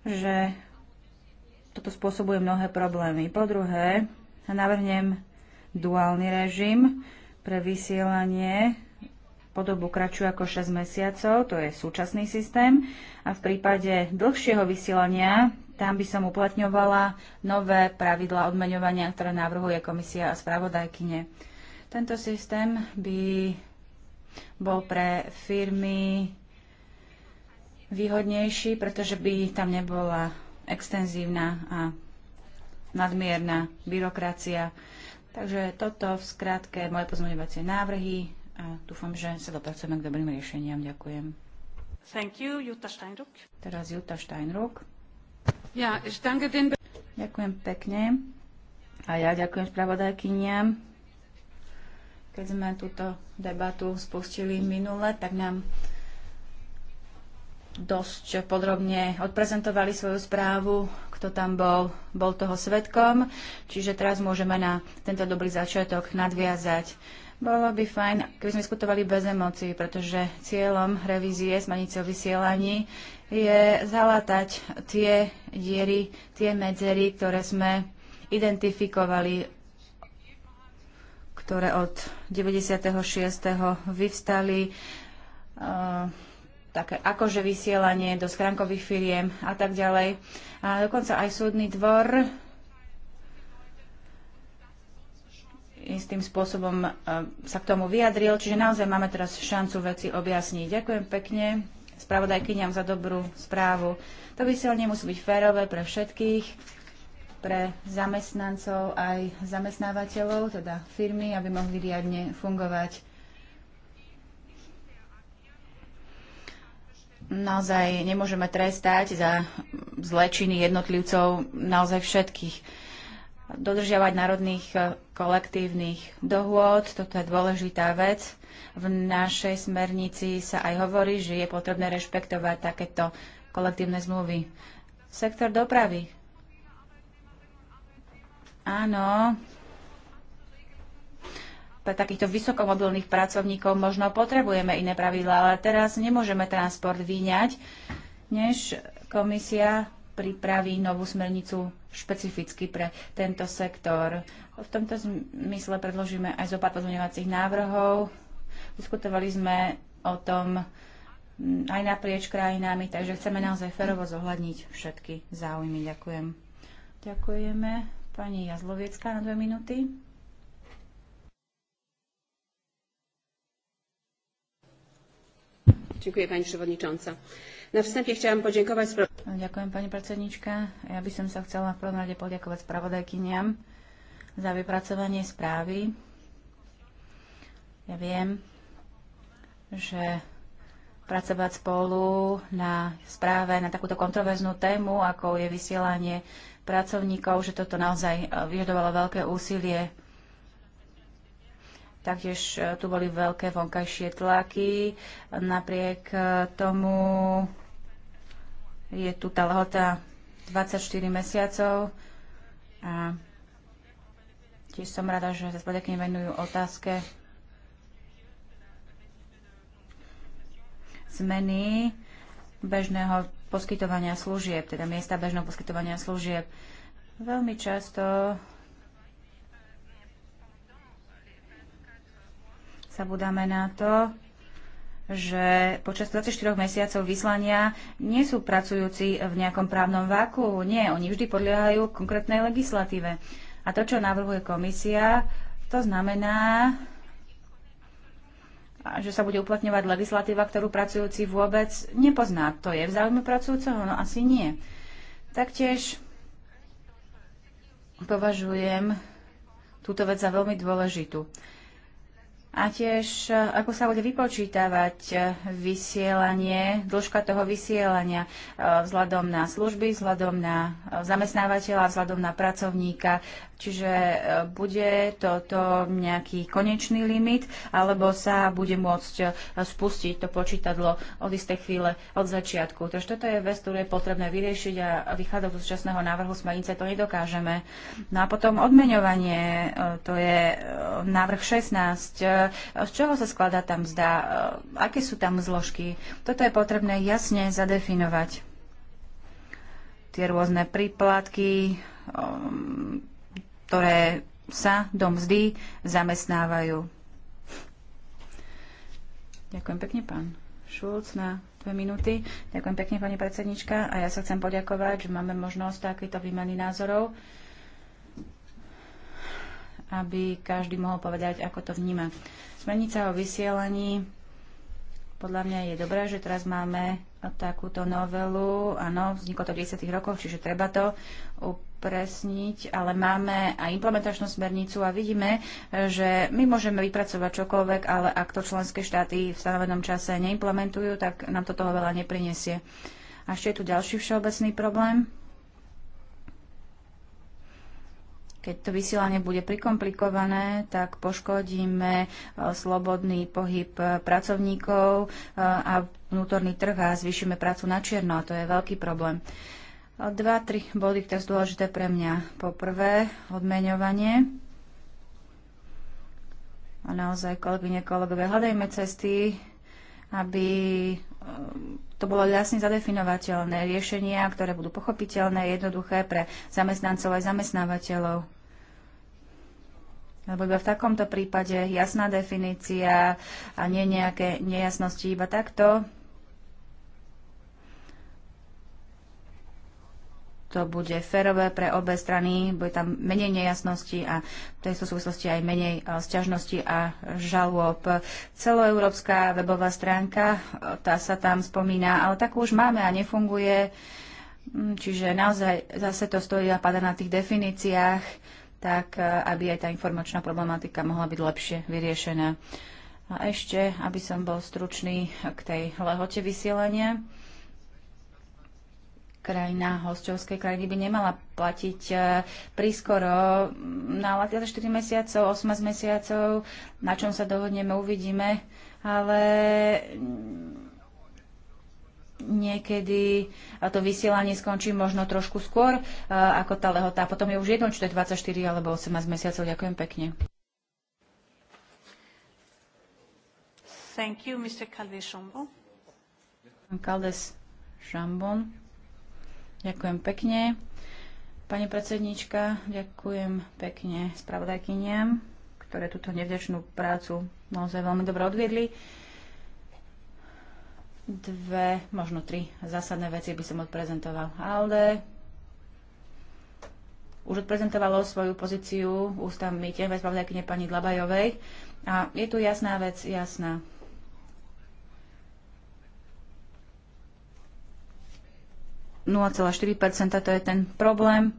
C: že toto spôsobuje mnohé problémy. Po druhé, navrhnem duálny režim pre vysielanie po dobu kratšiu ako 6 mesiacov, to je súčasný systém. A v prípade dlhšieho vysielania, tam by som uplatňovala nové pravidla odmeňovania, ktoré navrhuje komisia a spravodajkyne. Tento systém by bol pre firmy výhodnejší, pretože by tam nebola extenzívna a nadmierna byrokracia. Takže toto v skratke moje pozmeňovacie návrhy a dúfam, že sa dopracujeme k dobrým riešeniam. Ďakujem.
A: Thank you, Jutta Steinruck.
C: Teraz Jutta Steinruck.
A: Ja, ich danke den...
C: Ďakujem pekne. A ja ďakujem spravodajkyniam. Keď sme túto debatu spustili minule, tak nám dosť podrobne odprezentovali svoju správu, kto tam bol, bol toho svetkom. Čiže teraz môžeme na tento dobrý začiatok nadviazať. Bolo by fajn, keby sme diskutovali bez emócií, pretože cieľom revízie smernice o vysielaní je zalatať tie diery, tie medzery, ktoré sme identifikovali, ktoré od 96. vyvstali, e, také akože vysielanie do schránkových firiem a tak ďalej. A dokonca aj súdny dvor istým spôsobom e, sa k tomu vyjadril, čiže naozaj máme teraz šancu veci objasniť. Ďakujem pekne spravodajkyňam za dobrú správu. To vysielanie musí byť férové pre všetkých, pre zamestnancov aj zamestnávateľov, teda firmy, aby mohli riadne fungovať. Naozaj nemôžeme trestať za zlečiny jednotlivcov naozaj všetkých dodržiavať národných e, kolektívnych dohôd. Toto je dôležitá vec. V našej smernici sa aj hovorí, že je potrebné rešpektovať takéto kolektívne zmluvy. Sektor dopravy. Áno. Pre takýchto vysokomobilných pracovníkov možno potrebujeme iné pravidlá, ale teraz nemôžeme transport výňať než komisia pripraví novú smernicu špecificky pre tento sektor. V tomto zmysle predložíme aj zo pár pozmeňovacích návrhov. Diskutovali sme o tom mm, aj naprieč krajinami, takže chceme naozaj ferovo zohľadniť všetky záujmy. Ďakujem. Ďakujeme. Pani Jazloviecka na dve
A: minúty. Ďakujem, pani przewodnicząca. Na vstępie chciałam podziękować...
C: Ďakujem, pani predsednička. Ja by som sa chcela v prvom rade poďakovať spravodajkyniam za vypracovanie správy. Ja viem, že pracovať spolu na správe na takúto kontroverznú tému, ako je vysielanie pracovníkov, že toto naozaj e, vyžadovalo veľké úsilie. Taktiež e, tu boli veľké vonkajšie tlaky. Napriek e, tomu je tu tá lehota 24 mesiacov a tiež som rada, že sa spodekne venujú otázke zmeny bežného poskytovania služieb, teda miesta bežného poskytovania služieb. Veľmi často sa budáme na to, že počas 24 mesiacov vyslania nie sú pracujúci v nejakom právnom váku. Nie, oni vždy podliehajú konkrétnej legislatíve. A to, čo navrhuje komisia, to znamená, že sa bude uplatňovať legislatíva, ktorú pracujúci vôbec nepozná. To je v záujme pracujúceho? No asi nie. Taktiež považujem túto vec za veľmi dôležitú a tiež, e, ako sa bude vypočítavať e, vysielanie, dĺžka toho vysielania e, vzhľadom na služby, vzhľadom na zamestnávateľa, vzhľadom na pracovníka. Čiže bude toto nejaký konečný limit, alebo sa bude môcť spustiť to počítadlo od istej chvíle, od začiatku. Takže toto je vec, ktorú je potrebné vyriešiť a vychádzať zo súčasného návrhu smernice to nedokážeme. No a potom odmeňovanie, to je návrh 16 E, z čoho sa skladá tá mzda, e, aké sú tam zložky. Toto je potrebné jasne zadefinovať. Tie rôzne príplatky, e, ktoré sa do mzdy zamestnávajú. Ďakujem pekne, pán Šulc, na dve minúty. Ďakujem pekne, pani predsednička. A ja sa chcem poďakovať, že máme možnosť takéto výmeny názorov aby každý mohol povedať, ako to vníma. Smernica o vysielaní podľa mňa je dobré, že teraz máme takúto novelu. Áno, vzniklo to v 10 rokoch, čiže treba to upresniť, ale máme aj implementačnú smernicu a vidíme, že my môžeme vypracovať čokoľvek, ale ak to členské štáty v stanovenom čase neimplementujú, tak nám to toho veľa neprinesie. A ešte je tu ďalší všeobecný problém. Keď to vysielanie bude prikomplikované, tak poškodíme e, slobodný pohyb e, pracovníkov e, a vnútorný trh a zvýšime prácu na čierno a to je veľký problém. Dva, tri body, ktoré sú dôležité pre mňa. Poprvé, odmeňovanie. A naozaj, kolegyne, kolegové, hľadajme cesty, aby to bolo jasne zadefinovateľné riešenia, ktoré budú pochopiteľné, jednoduché pre zamestnancov aj zamestnávateľov. Lebo iba v takomto prípade jasná definícia a nie nejaké nejasnosti, iba takto to bude férové pre obe strany, bude tam menej nejasnosti a v tejto súvislosti aj menej e, sťažnosti a žalôb. Celoeurópska webová stránka, e, tá sa tam spomína, ale takú už máme a nefunguje. Mm, čiže naozaj zase to stojí a pada na tých definíciách, tak e, aby aj tá informačná problematika mohla byť lepšie vyriešená. A ešte, aby som bol stručný k tej lehote vysielania krajina, hostovské krajiny by nemala platiť e, prískoro na letiace 4 mesiacov, 18 mesiacov, na čom sa dohodneme, uvidíme, ale niekedy to vysielanie skončí možno trošku skôr e, ako tá lehota. Potom je už jedno, či to je 24 alebo 18 mesiacov. Ďakujem pekne.
A: Thank you, Mr. Calvé-Chambon.
C: Caldes-Chambon. Ďakujem pekne. Pani predsednička, ďakujem pekne spravodajkyniam, ktoré túto nevďačnú prácu naozaj veľmi dobre odviedli. Dve, možno tri zásadné veci by som odprezentoval. ALDE už odprezentovalo svoju pozíciu ústavmi tiež spravodajkyne pani Dlabajovej. A je tu jasná vec, jasná. 0,4%, to je ten problém.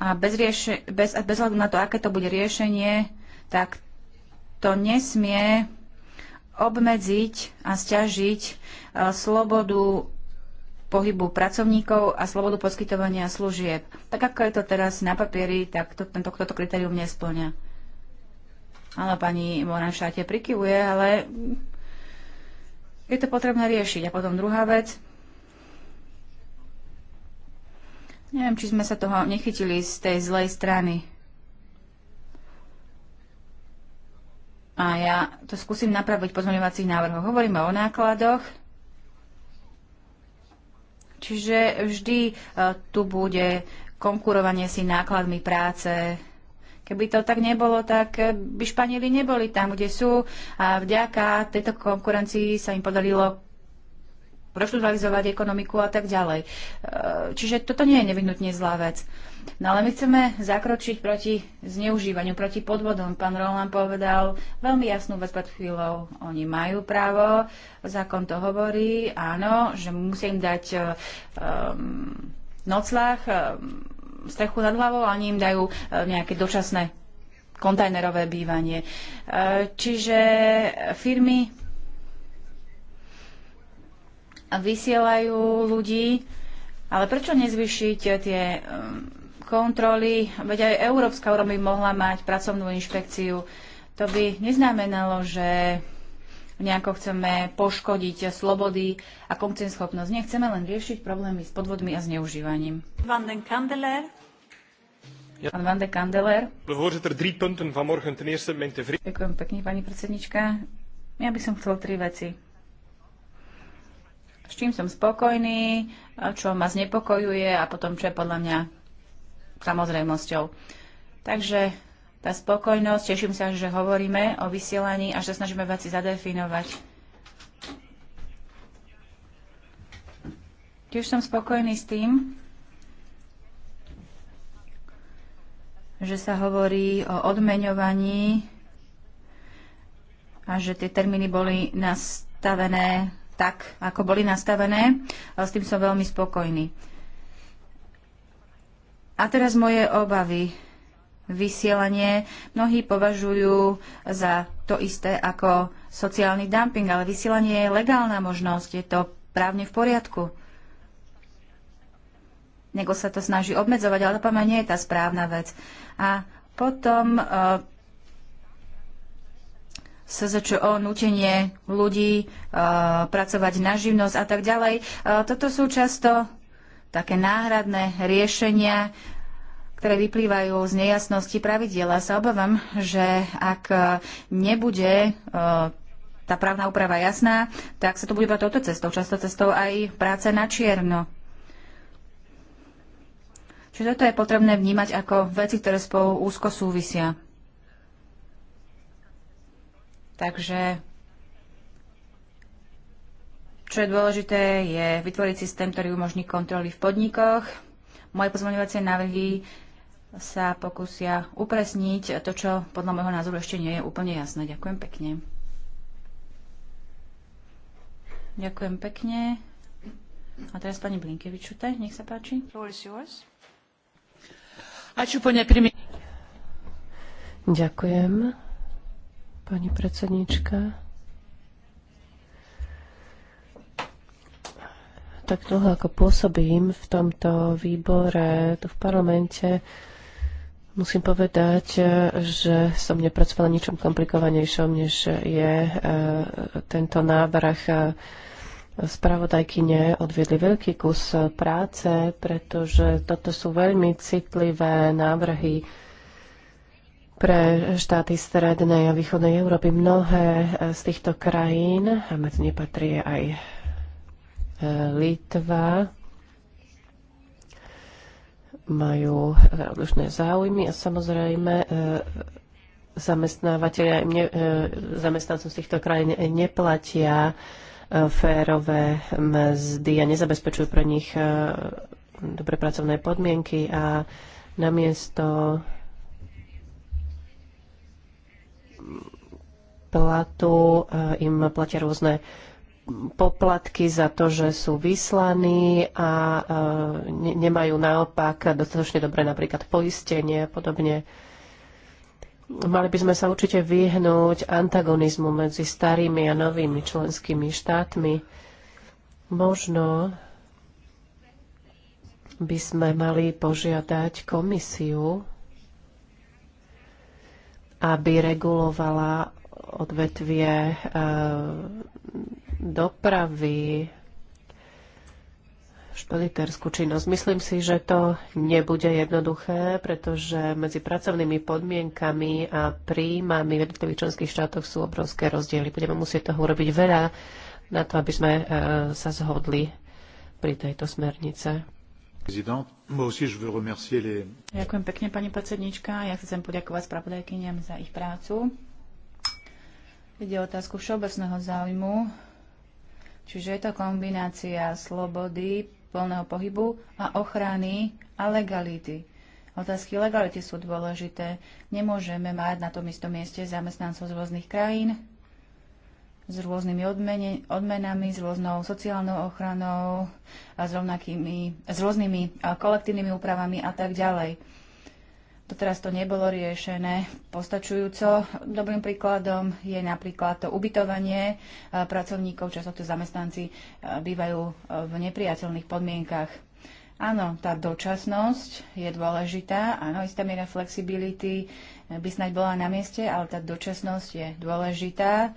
C: A bez, rieš- bez, bez hľadu na to, aké to bude riešenie, tak to nesmie obmedziť a stiažiť e, slobodu pohybu pracovníkov a slobodu poskytovania služieb. Tak ako je to teraz na papieri, tak to, tento, toto kritérium nesplňa. Áno, pani Moran šáte prikyvuje, ale je to potrebné riešiť. A potom druhá vec, Neviem, či sme sa toho nechytili z tej zlej strany. A ja to skúsim napraviť pozmeňovacích návrhoch. Hovoríme o nákladoch. Čiže vždy e, tu bude konkurovanie si nákladmi práce. Keby to tak nebolo, tak e, by Španieli neboli tam, kde sú. A vďaka tejto konkurencii sa im podarilo reštrukturalizovať ekonomiku a tak ďalej. E, čiže toto nie je nevyhnutne zlá vec. No ale my chceme zakročiť proti zneužívaniu, proti podvodom. Pán Roland povedal veľmi jasnú vec pred chvíľou. Oni majú právo, zákon to hovorí, áno, že musím dať um, noclách, um, strechu nad hlavou a oni im dajú um, nejaké dočasné kontajnerové bývanie. Čiže firmy vysielajú ľudí, ale prečo nezvyšiť tie um, kontroly, veď aj Európska úroveň mohla mať pracovnú inšpekciu. To by neznamenalo, že nejako chceme poškodiť slobody a konkurenceschopnosť. Nechceme len riešiť problémy s podvodmi a zneužívaním.
A: Van den Kandeler.
B: Pán
C: Van de Kandeler. Ďakujem pekne, pani predsednička. Ja by som chcel tri veci s čím som spokojný, čo ma znepokojuje a potom, čo je podľa mňa samozrejmosťou. Takže tá spokojnosť, teším sa, že hovoríme o vysielaní a že snažíme veci zadefinovať. Tiež som spokojný s tým, že sa hovorí o odmeňovaní a že tie termíny boli nastavené tak, ako boli nastavené. E, s tým som veľmi spokojný. A teraz moje obavy. Vysielanie mnohí považujú za to isté ako sociálny dumping, ale vysielanie je legálna možnosť, je to právne v poriadku. Niekto sa to snaží obmedzovať, ale to podľa nie je tá správna vec. A potom e, SZČO, nutenie ľudí e, pracovať na živnosť a tak ďalej. E, toto sú často také náhradné riešenia, ktoré vyplývajú z nejasnosti pravidiel. A sa obávam, že ak nebude e, tá právna úprava jasná, tak sa to bude brať touto cestou, často cestou aj práce na čierno. Čiže toto je potrebné vnímať ako veci, ktoré spolu úzko súvisia. Takže čo je dôležité, je vytvoriť systém, ktorý umožní kontroly v podnikoch. Moje pozmeňovacie návrhy sa pokúsia upresniť to, čo podľa môjho názoru ešte nie je úplne jasné. Ďakujem pekne. Ďakujem pekne. A teraz pani Blinkevičute, nech sa páči.
D: Ďakujem pani predsednička. Tak dlho, ako pôsobím v tomto výbore, tu v parlamente, musím povedať, že som nepracovala ničom komplikovanejšom, než je e, tento návrh spravodajkyne odviedli veľký kus práce, pretože toto sú veľmi citlivé návrhy, pre štáty strednej a východnej Európy. Mnohé e, z týchto krajín, a medzi ne patrí aj e, Litva, majú odlišné záujmy a samozrejme e, zamestnávateľia zamestnancom z týchto krajín neplatia férové mzdy a nezabezpečujú pre nich dobre pracovné podmienky a namiesto platu eh, im platia rôzne poplatky za to, že sú vyslaní a eh, nemajú naopak dostatočne dobré napríklad poistenie a podobne. Mali by sme sa určite vyhnúť antagonizmu medzi starými a novými členskými štátmi. Možno by sme mali požiadať komisiu aby regulovala odvetvie e, dopravy, špediterskú činnosť. Myslím si, že to nebude jednoduché, pretože medzi pracovnými podmienkami a príjmami v jednotlivých členských štátoch sú obrovské rozdiely. Budeme musieť toho urobiť veľa na to, aby sme e, sa zhodli pri tejto smernice.
B: Ďakujem
D: pekne, pani
C: predsednička. Ja chcem poďakovať spravodajkyniam za ich prácu. Ide o otázku všeobecného záujmu, čiže je to kombinácia slobody, voľného pohybu a ochrany a legality. Otázky legality sú dôležité. Nemôžeme mať na tom istom mieste zamestnancov z rôznych krajín, s rôznymi odmene, odmenami, s rôznou sociálnou ochranou, a s, rovnakými, s rôznymi kolektívnymi úpravami a tak ďalej. To teraz to nebolo riešené postačujúco. Dobrým príkladom je napríklad to ubytovanie pracovníkov, často tí zamestnanci bývajú v nepriateľných podmienkach. Áno, tá dočasnosť je dôležitá, áno, istá miera flexibility e, by snaď bola na mieste, ale tá dočasnosť je dôležitá.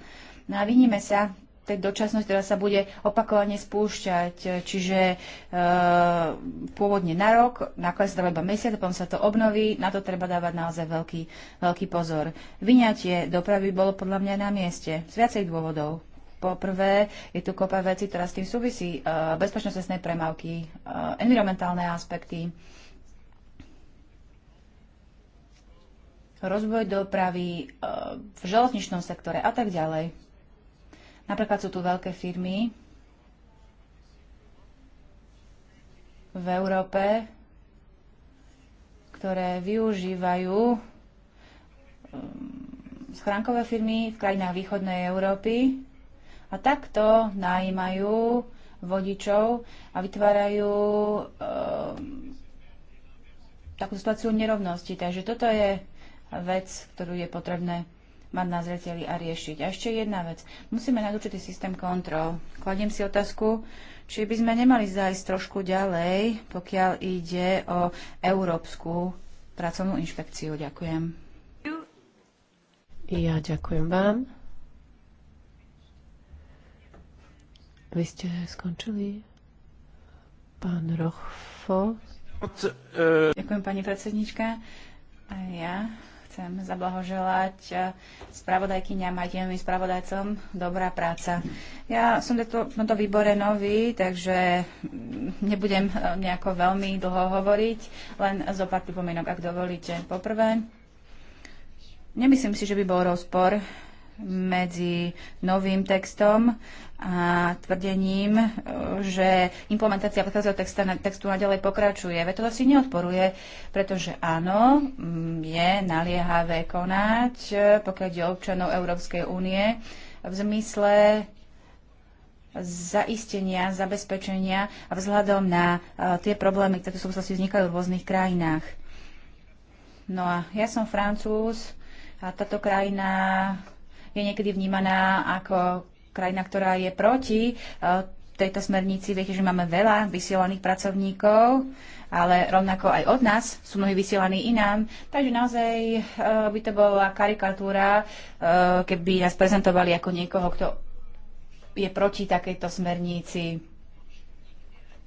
C: No a vyníme sa tej dočasnosť, ktorá teda sa bude opakovane spúšťať, čiže e, pôvodne na rok, nakoniec sa iba mesiac, potom sa to obnoví, na to treba dávať naozaj veľký, veľký pozor. Vyňatie dopravy bolo podľa mňa na mieste z viacej dôvodov. Poprvé je tu kopa vecí, ktorá s tým súvisí. E, bezpečnosť cestnej premávky, e, environmentálne aspekty, rozvoj dopravy e, v železničnom sektore a tak ďalej. Napríklad sú tu veľké firmy v Európe, ktoré využívajú um, schránkové firmy v krajinách východnej Európy a takto najímajú vodičov a vytvárajú e, um, takú situáciu nerovnosti. Takže toto je vec, ktorú je potrebné mať na zreteli a riešiť. A ešte jedna vec. Musíme mať určitý systém kontrol. Kladiem si otázku, či by sme nemali zájsť trošku ďalej, pokiaľ ide o európsku pracovnú inšpekciu. Ďakujem.
D: Ja ďakujem vám. Vy ste skončili? Pán
C: Rochfo.
A: E, ďakujem,
C: pani predsednička. A ja Chcem zablahoželať e, spravodajkyňa a tieňovým spravodajcom. Dobrá práca. Ja som v tomto výbore nový, takže mm, nebudem e, nejako veľmi dlho hovoriť, len zo pár pripomienok, ak dovolíte. Poprvé, nemyslím si, že by bol rozpor medzi novým textom a tvrdením, e, že implementácia predchádzajúceho textu, textu naďalej pokračuje. Veď to asi neodporuje, pretože áno, je naliehavé konať, e, pokiaľ je občanov Európskej únie, v zmysle zaistenia, zabezpečenia a vzhľadom na e, tie problémy, ktoré v súvislosti vznikajú v rôznych krajinách. No a ja som francúz a táto krajina je niekedy vnímaná ako krajina, ktorá je proti e, tejto smernici. Viete, že máme veľa vysielaných pracovníkov, ale rovnako aj od nás sú mnohí vysielaní inám. Takže naozaj e, by to bola karikatúra, e, keby nás prezentovali ako niekoho, kto je proti takejto smernici.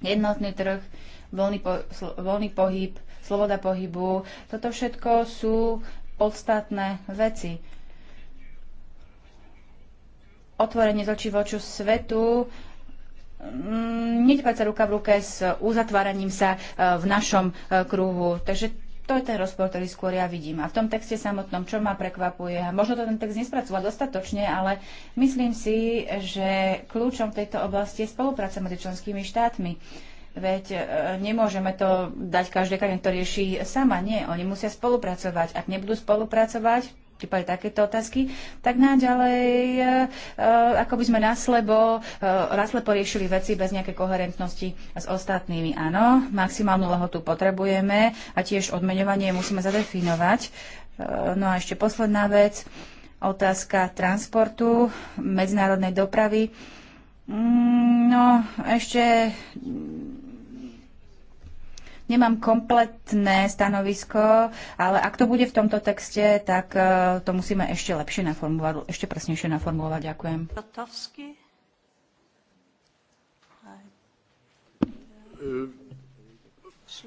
C: Jednotný trh, voľný, po, voľný pohyb, sloboda pohybu, toto všetko sú podstatné veci otvorenie z očí voču svetu mm, nedepať sa ruka v ruke s uzatváraním sa e, v našom e, kruhu. Takže to je ten rozpor, ktorý skôr ja vidím. A v tom texte samotnom, čo ma prekvapuje, a možno to ten text nespracoval dostatočne, ale myslím si, že kľúčom tejto oblasti je spolupráca medzi členskými štátmi. Veď e, nemôžeme to dať každé krajine, ktorý rieši sama. Nie, oni musia spolupracovať. Ak nebudú spolupracovať, prípade takéto otázky, tak naďalej, e, e, ako by sme naslebo, e, naslepo riešili veci bez nejakej koherentnosti s ostatnými. Áno, maximálnu lehotu potrebujeme a tiež odmeňovanie musíme zadefinovať. No a ešte posledná vec, otázka transportu, medzinárodnej dopravy. Mm, no, ešte Nemám kompletné stanovisko, ale ak to bude v tomto texte, tak e, to musíme ešte lepšie naformulovať, ešte presnejšie naformulovať. Ďakujem.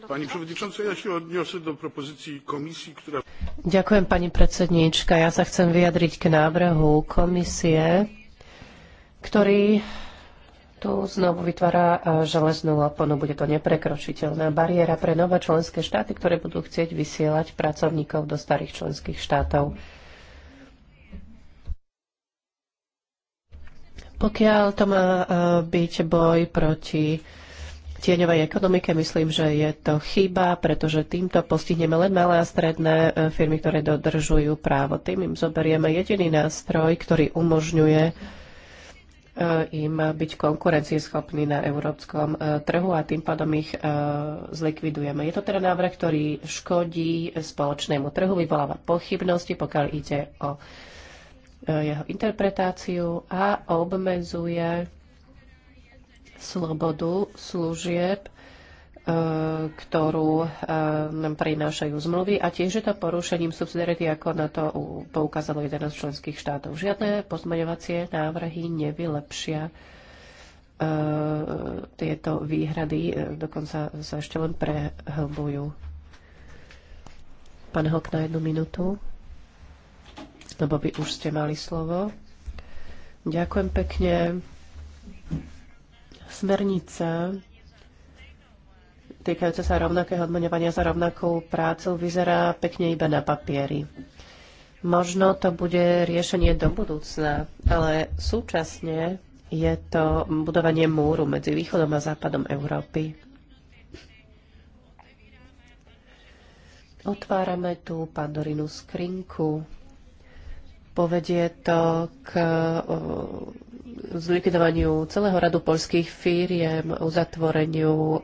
B: E, pani przewodnicząca, ja się odniosę do propozícií komisji, ktorá...
D: Ďakujem, pani predsedníčka. Ja sa chcem vyjadriť k návrhu komisie, ktorý tu znovu vytvára e, železnú oponu. Bude to neprekročiteľná bariéra pre nové členské štáty, ktoré budú chcieť vysielať pracovníkov do starých členských štátov. Pokiaľ to má e, byť boj proti tieňovej ekonomike, myslím, že je to chyba, pretože týmto postihneme len malé a stredné e, firmy, ktoré dodržujú právo. Tým im zoberieme jediný nástroj, ktorý umožňuje E, im byť konkurencieschopný na európskom e, trhu a tým pádom ich e, zlikvidujeme. Je to teda návrh, ktorý škodí spoločnému trhu, vyvoláva pochybnosti, pokiaľ ide o jeho interpretáciu a obmedzuje slobodu služieb E, ktorú e, nám prinášajú zmluvy a tiež je to porušením subsidiarity, ako na to poukázalo 11 členských štátov. Žiadne pozmeňovacie návrhy nevylepšia e, tieto výhrady, dokonca sa ešte len prehlbujú. Pán Hok na jednu minútu, lebo vy už ste mali slovo. Ďakujem pekne. Smernica týkajúce sa rovnakého odmoňovania za rovnakú prácu vyzerá pekne iba na papieri. Možno to bude riešenie do budúcna, ale súčasne je to budovanie múru medzi východom a západom Európy. Otvárame tú pandorinu skrinku. Povedie to k zlikvidovaniu celého radu poľských firiem, uzatvoreniu e,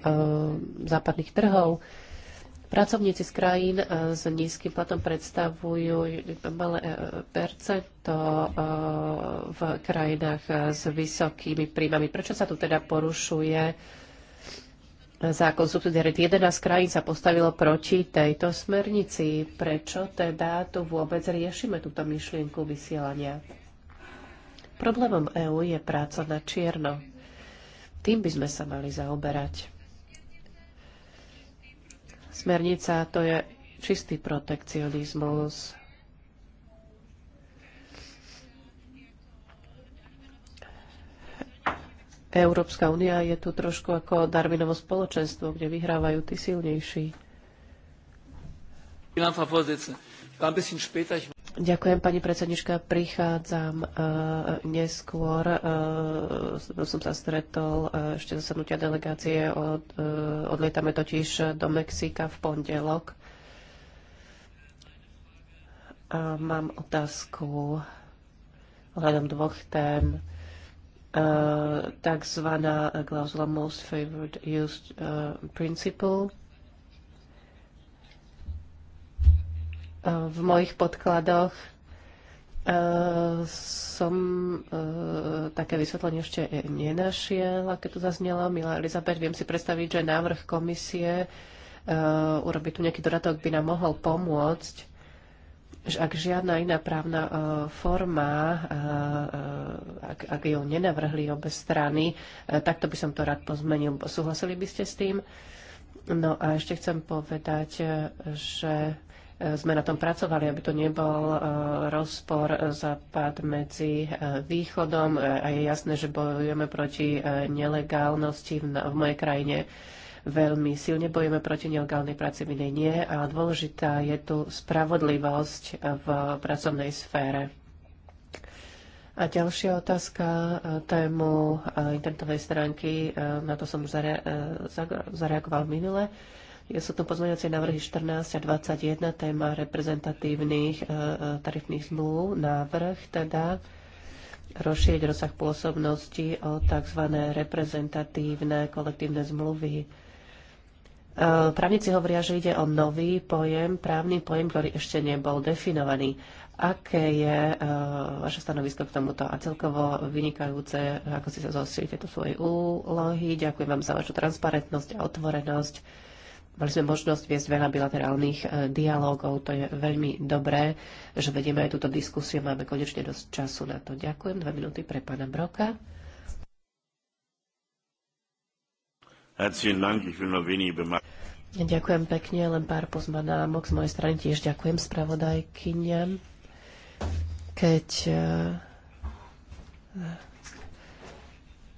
D: západných trhov. Pracovníci z krajín e, s nízkym platom predstavujú malé e, percento v krajinách s vysokými príjmami. Prečo sa tu teda porušuje zákon subsidiarity? 11 krajín sa postavilo proti tejto smernici. Prečo teda tu vôbec riešime túto myšlienku vysielania? Problémom EÚ je práca na čierno. Tým by sme sa mali zaoberať. Smernica to je čistý protekcionizmus. Európska únia je tu trošku ako Darwinovo spoločenstvo, kde vyhrávajú tí silnejší. Ďakujem, pani predsednička. Prichádzam e, neskôr. E, som sa stretol e, ešte zasadnutia delegácie. Od, odlietame totiž do Mexika v pondelok. A mám otázku hľadom dvoch tém. Takzvaná klauzula Most Favored Used Principle v mojich podkladoch eh, som eh, také vysvetlenie ešte nenašiel, aké to zaznelo. Milá Elizabeth, viem si predstaviť, že návrh komisie eh, urobiť tu nejaký dodatok by nám mohol pomôcť, že ak žiadna iná právna forma, ak, ak ju nenavrhli obe strany, takto by som to rád pozmenil. Súhlasili by ste s tým? No a ešte chcem povedať, že E, sme na tom pracovali, aby to nebol e, rozpor e, západ medzi východom. A je jasné, že bojujeme proti nelegálnosti v mojej krajine veľmi silne bojujeme proti nelegálnej práci, v inej nie, a dôležitá je tu spravodlivosť v pracovnej sfére. A ďalšia otázka tému internetovej stránky, na to som už zareagoval minule. Ja sú to pozmeňovacie návrhy 14 a 21, téma reprezentatívnych e, e, tarifných zmluv, návrh teda rozšíriť rozsah pôsobnosti o tzv. reprezentatívne kolektívne zmluvy. E, právnici hovoria, že ide o nový pojem, právny pojem, ktorý ešte nebol definovaný. Aké je vaše stanovisko k tomuto a celkovo vynikajúce, ako si sa zosili tejto svojej úlohy? Ďakujem vám za vašu transparentnosť a otvorenosť Mali sme možnosť viesť veľa bilaterálnych e, dialogov, to je veľmi dobré, že vedieme aj túto diskusiu, máme konečne dosť času na to. Ďakujem, dve minúty pre pána Broka. Ďakujem pekne, len pár pozmanámok z mojej strany tiež ďakujem spravodajkyniam. Keď e,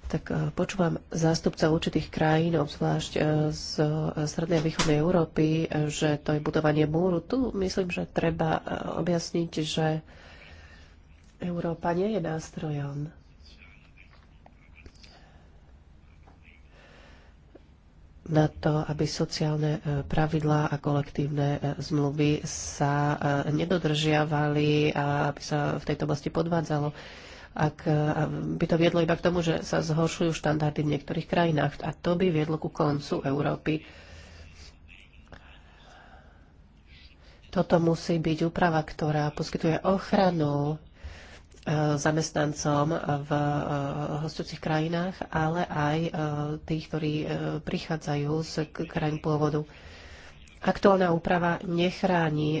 D: tak e, počúvam zástupca určitých krajín, obzvlášť e, z e, Strednej a Východnej Európy, že to je budovanie múru. Tu myslím, že treba objasniť, že Európa nie je nástrojom. na to, aby sociálne pravidlá a kolektívne zmluvy sa nedodržiavali a aby sa v tejto oblasti podvádzalo ak by to viedlo iba k tomu, že sa zhoršujú štandardy v niektorých krajinách a to by viedlo ku koncu Európy. Toto musí byť úprava, ktorá poskytuje ochranu e, zamestnancom v e, hostujúcich krajinách, ale aj e, tých, ktorí prichádzajú z krajín pôvodu. Aktuálna úprava nechráni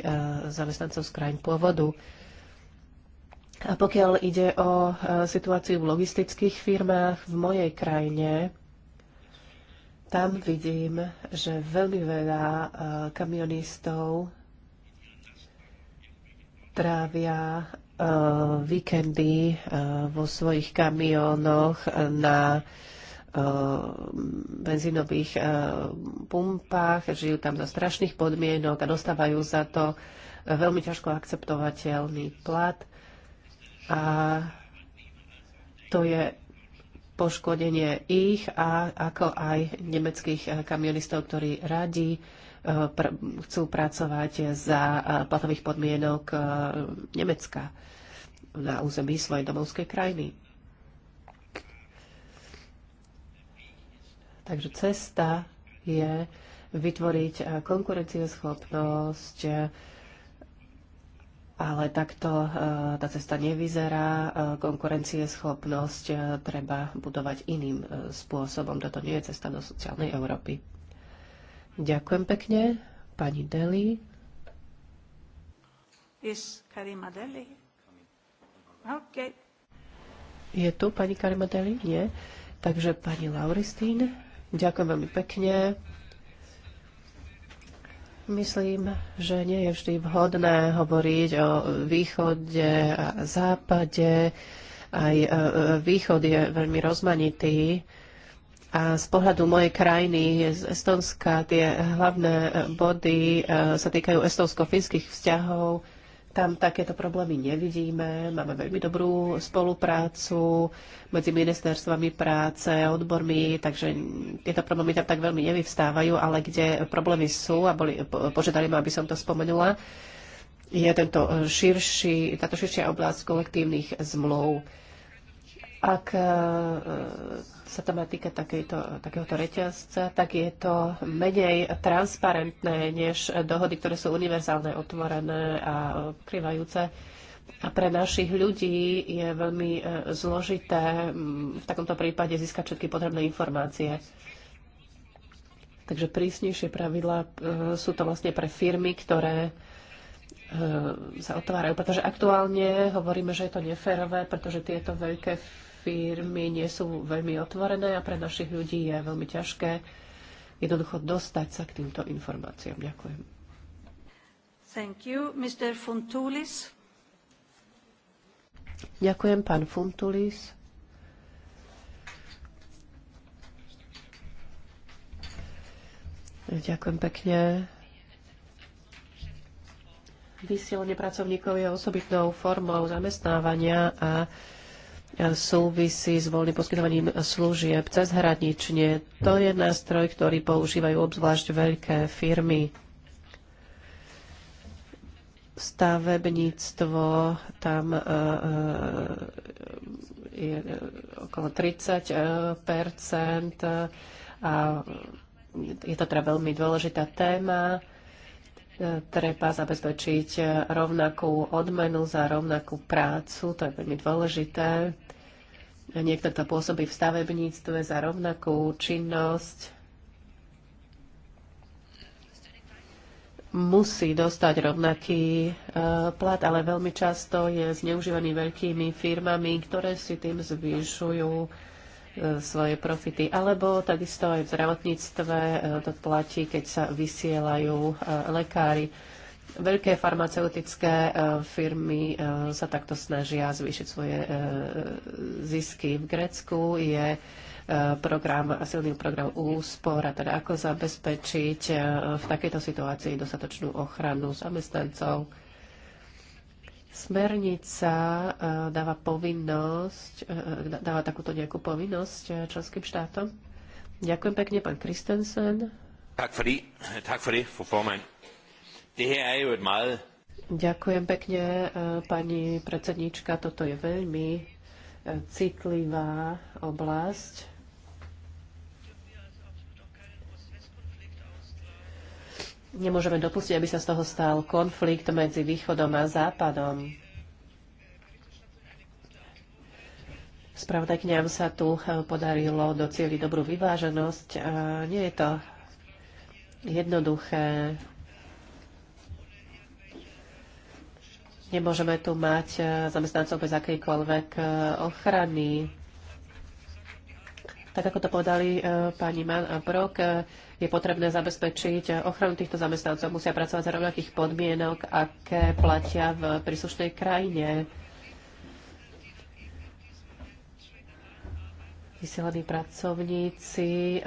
D: zamestnancov z krajín pôvodu a pokiaľ ide o e, situáciu v logistických firmách v mojej krajine, tam vidím, že veľmi veľa e, kamionistov trávia e, víkendy vo svojich kamionoch na benzínových pumpách, žijú tam za strašných podmienok a dostávajú za to veľmi ťažko akceptovateľný plat a to je poškodenie ich a ako aj nemeckých kamionistov, ktorí radi e, pr- chcú pracovať za e, platových podmienok e, Nemecka na území svojej domovskej krajiny. Takže cesta je vytvoriť konkurencieschopnosť, ale takto e, tá cesta nevyzerá. E, schopnosť e, treba budovať iným spôsobom. Toto nie je cesta do sociálnej Európy. Ďakujem pekne. Pani Deli.
A: Is Karima Deli?
D: Je tu pani Karima Deli? Nie. Takže pani Lauristín. Ďakujem veľmi pekne. Myslím, že nie je vždy vhodné hovoriť o východe a západe. Aj e, e, východ je veľmi rozmanitý. A z pohľadu mojej krajiny, z Estonska, tie hlavné e, body sa týkajú estonsko finských vzťahov, tam takéto problémy nevidíme. Máme veľmi dobrú spoluprácu medzi ministerstvami práce, odbormi, takže tieto problémy tam tak veľmi nevyvstávajú, ale kde problémy sú, a boli, požiadali ma, aby som to spomenula, je tento širší, táto širšia oblasť kolektívnych zmluv ak e, sa to má týkať takejto, takéhoto reťazca, tak je to menej transparentné než dohody, ktoré sú univerzálne, otvorené a pokrývajúce. A pre našich ľudí je veľmi e, zložité v takomto prípade získať všetky potrebné informácie. Takže prísnejšie pravidlá e, sú to vlastne pre firmy, ktoré sa otvárajú, pretože aktuálne hovoríme, že je to neférové, pretože tieto veľké firmy nie sú veľmi otvorené a pre našich ľudí je veľmi ťažké jednoducho dostať sa k týmto informáciám. Ďakujem.
A: Thank you. Mr. Funtulis.
D: Ďakujem, pán Funtulis. Ďakujem pekne. Vysielanie pracovníkov je osobitnou formou zamestnávania a súvisí s voľným poskytovaním služieb cezhranične. To je nástroj, ktorý používajú obzvlášť veľké firmy. Stavebníctvo, tam e, e, je okolo 30 a je to teda veľmi dôležitá téma treba zabezpečiť rovnakú odmenu za rovnakú prácu, to je veľmi dôležité. Niekto, kto pôsobí v stavebníctve za rovnakú činnosť, musí dostať rovnaký e, plat, ale veľmi často je zneužívaný veľkými firmami, ktoré si tým zvyšujú E, svoje profity. Alebo takisto aj v zdravotníctve e, to platí, keď sa vysielajú e, lekári. Veľké farmaceutické firmy sa takto snažia zvýšiť svoje zisky. V Grécku je program, silný program úspor a teda ako zabezpečiť v takejto situácii dostatočnú ochranu zamestnancov Smernica eh, dáva povinnosť, eh, dáva takúto nejakú povinnosť eh, členským štátom. Ďakujem pekne, pán Kristensen.
A: Tak for tak for fru Det her er jo et meget...
D: Ďakujem pekne, pani predsedníčka. Toto je veľmi citlivá oblasť Nemôžeme dopustiť, aby sa z toho stal konflikt medzi východom a západom. Spravodajkňam sa tu eh, podarilo docieliť dobrú vyváženosť. Nie je to jednoduché. Nemôžeme tu mať eh, zamestnancov bez akejkoľvek eh, ochrany. Tak ako to podali pani Man a Brok, je potrebné zabezpečiť ochranu týchto zamestnancov. Musia pracovať za rovnakých podmienok, aké platia v príslušnej krajine. vysielaní pracovníci eh, eh,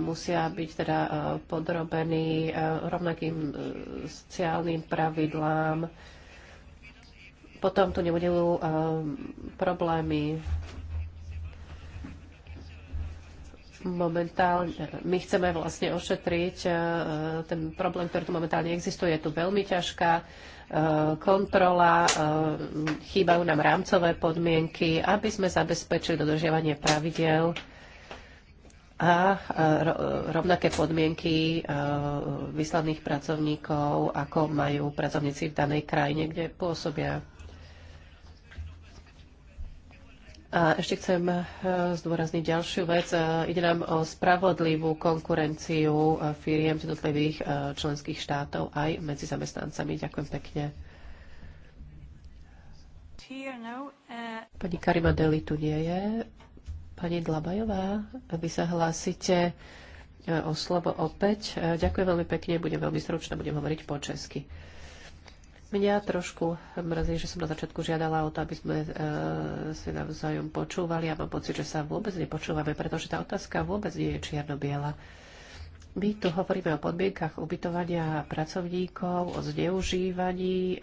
D: musia byť teda eh, podrobení rovnakým sociálnym pravidlám. Potom tu nebudú problémy momentálne, my chceme vlastne ošetriť e, ten problém, ktorý tu momentálne existuje. Je tu veľmi ťažká e, kontrola, e, chýbajú nám rámcové podmienky, aby sme zabezpečili dodržiavanie pravidel a rovnaké podmienky vyslaných pracovníkov, ako majú pracovníci v danej krajine, kde pôsobia. A ešte chcem eh, zdôrazniť ďalšiu vec. Eh, ide nám o spravodlivú konkurenciu eh, firiem jednotlivých členských štátov aj medzi zamestnancami. Ďakujem pekne. Pani Karima Deli tu nie je. Pani Dlabajová, vy sa hlásite o slovo opäť. Ďakujem veľmi pekne, budem veľmi stručná, budem hovoriť po česky. Mňa trošku mrzí, že som na začiatku žiadala o to, aby sme e, si navzájom počúvali a mám pocit, že sa vôbec nepočúvame, pretože tá otázka vôbec nie je čierno-biela. My tu hovoríme o podmienkach ubytovania pracovníkov, o zneužívaní, e,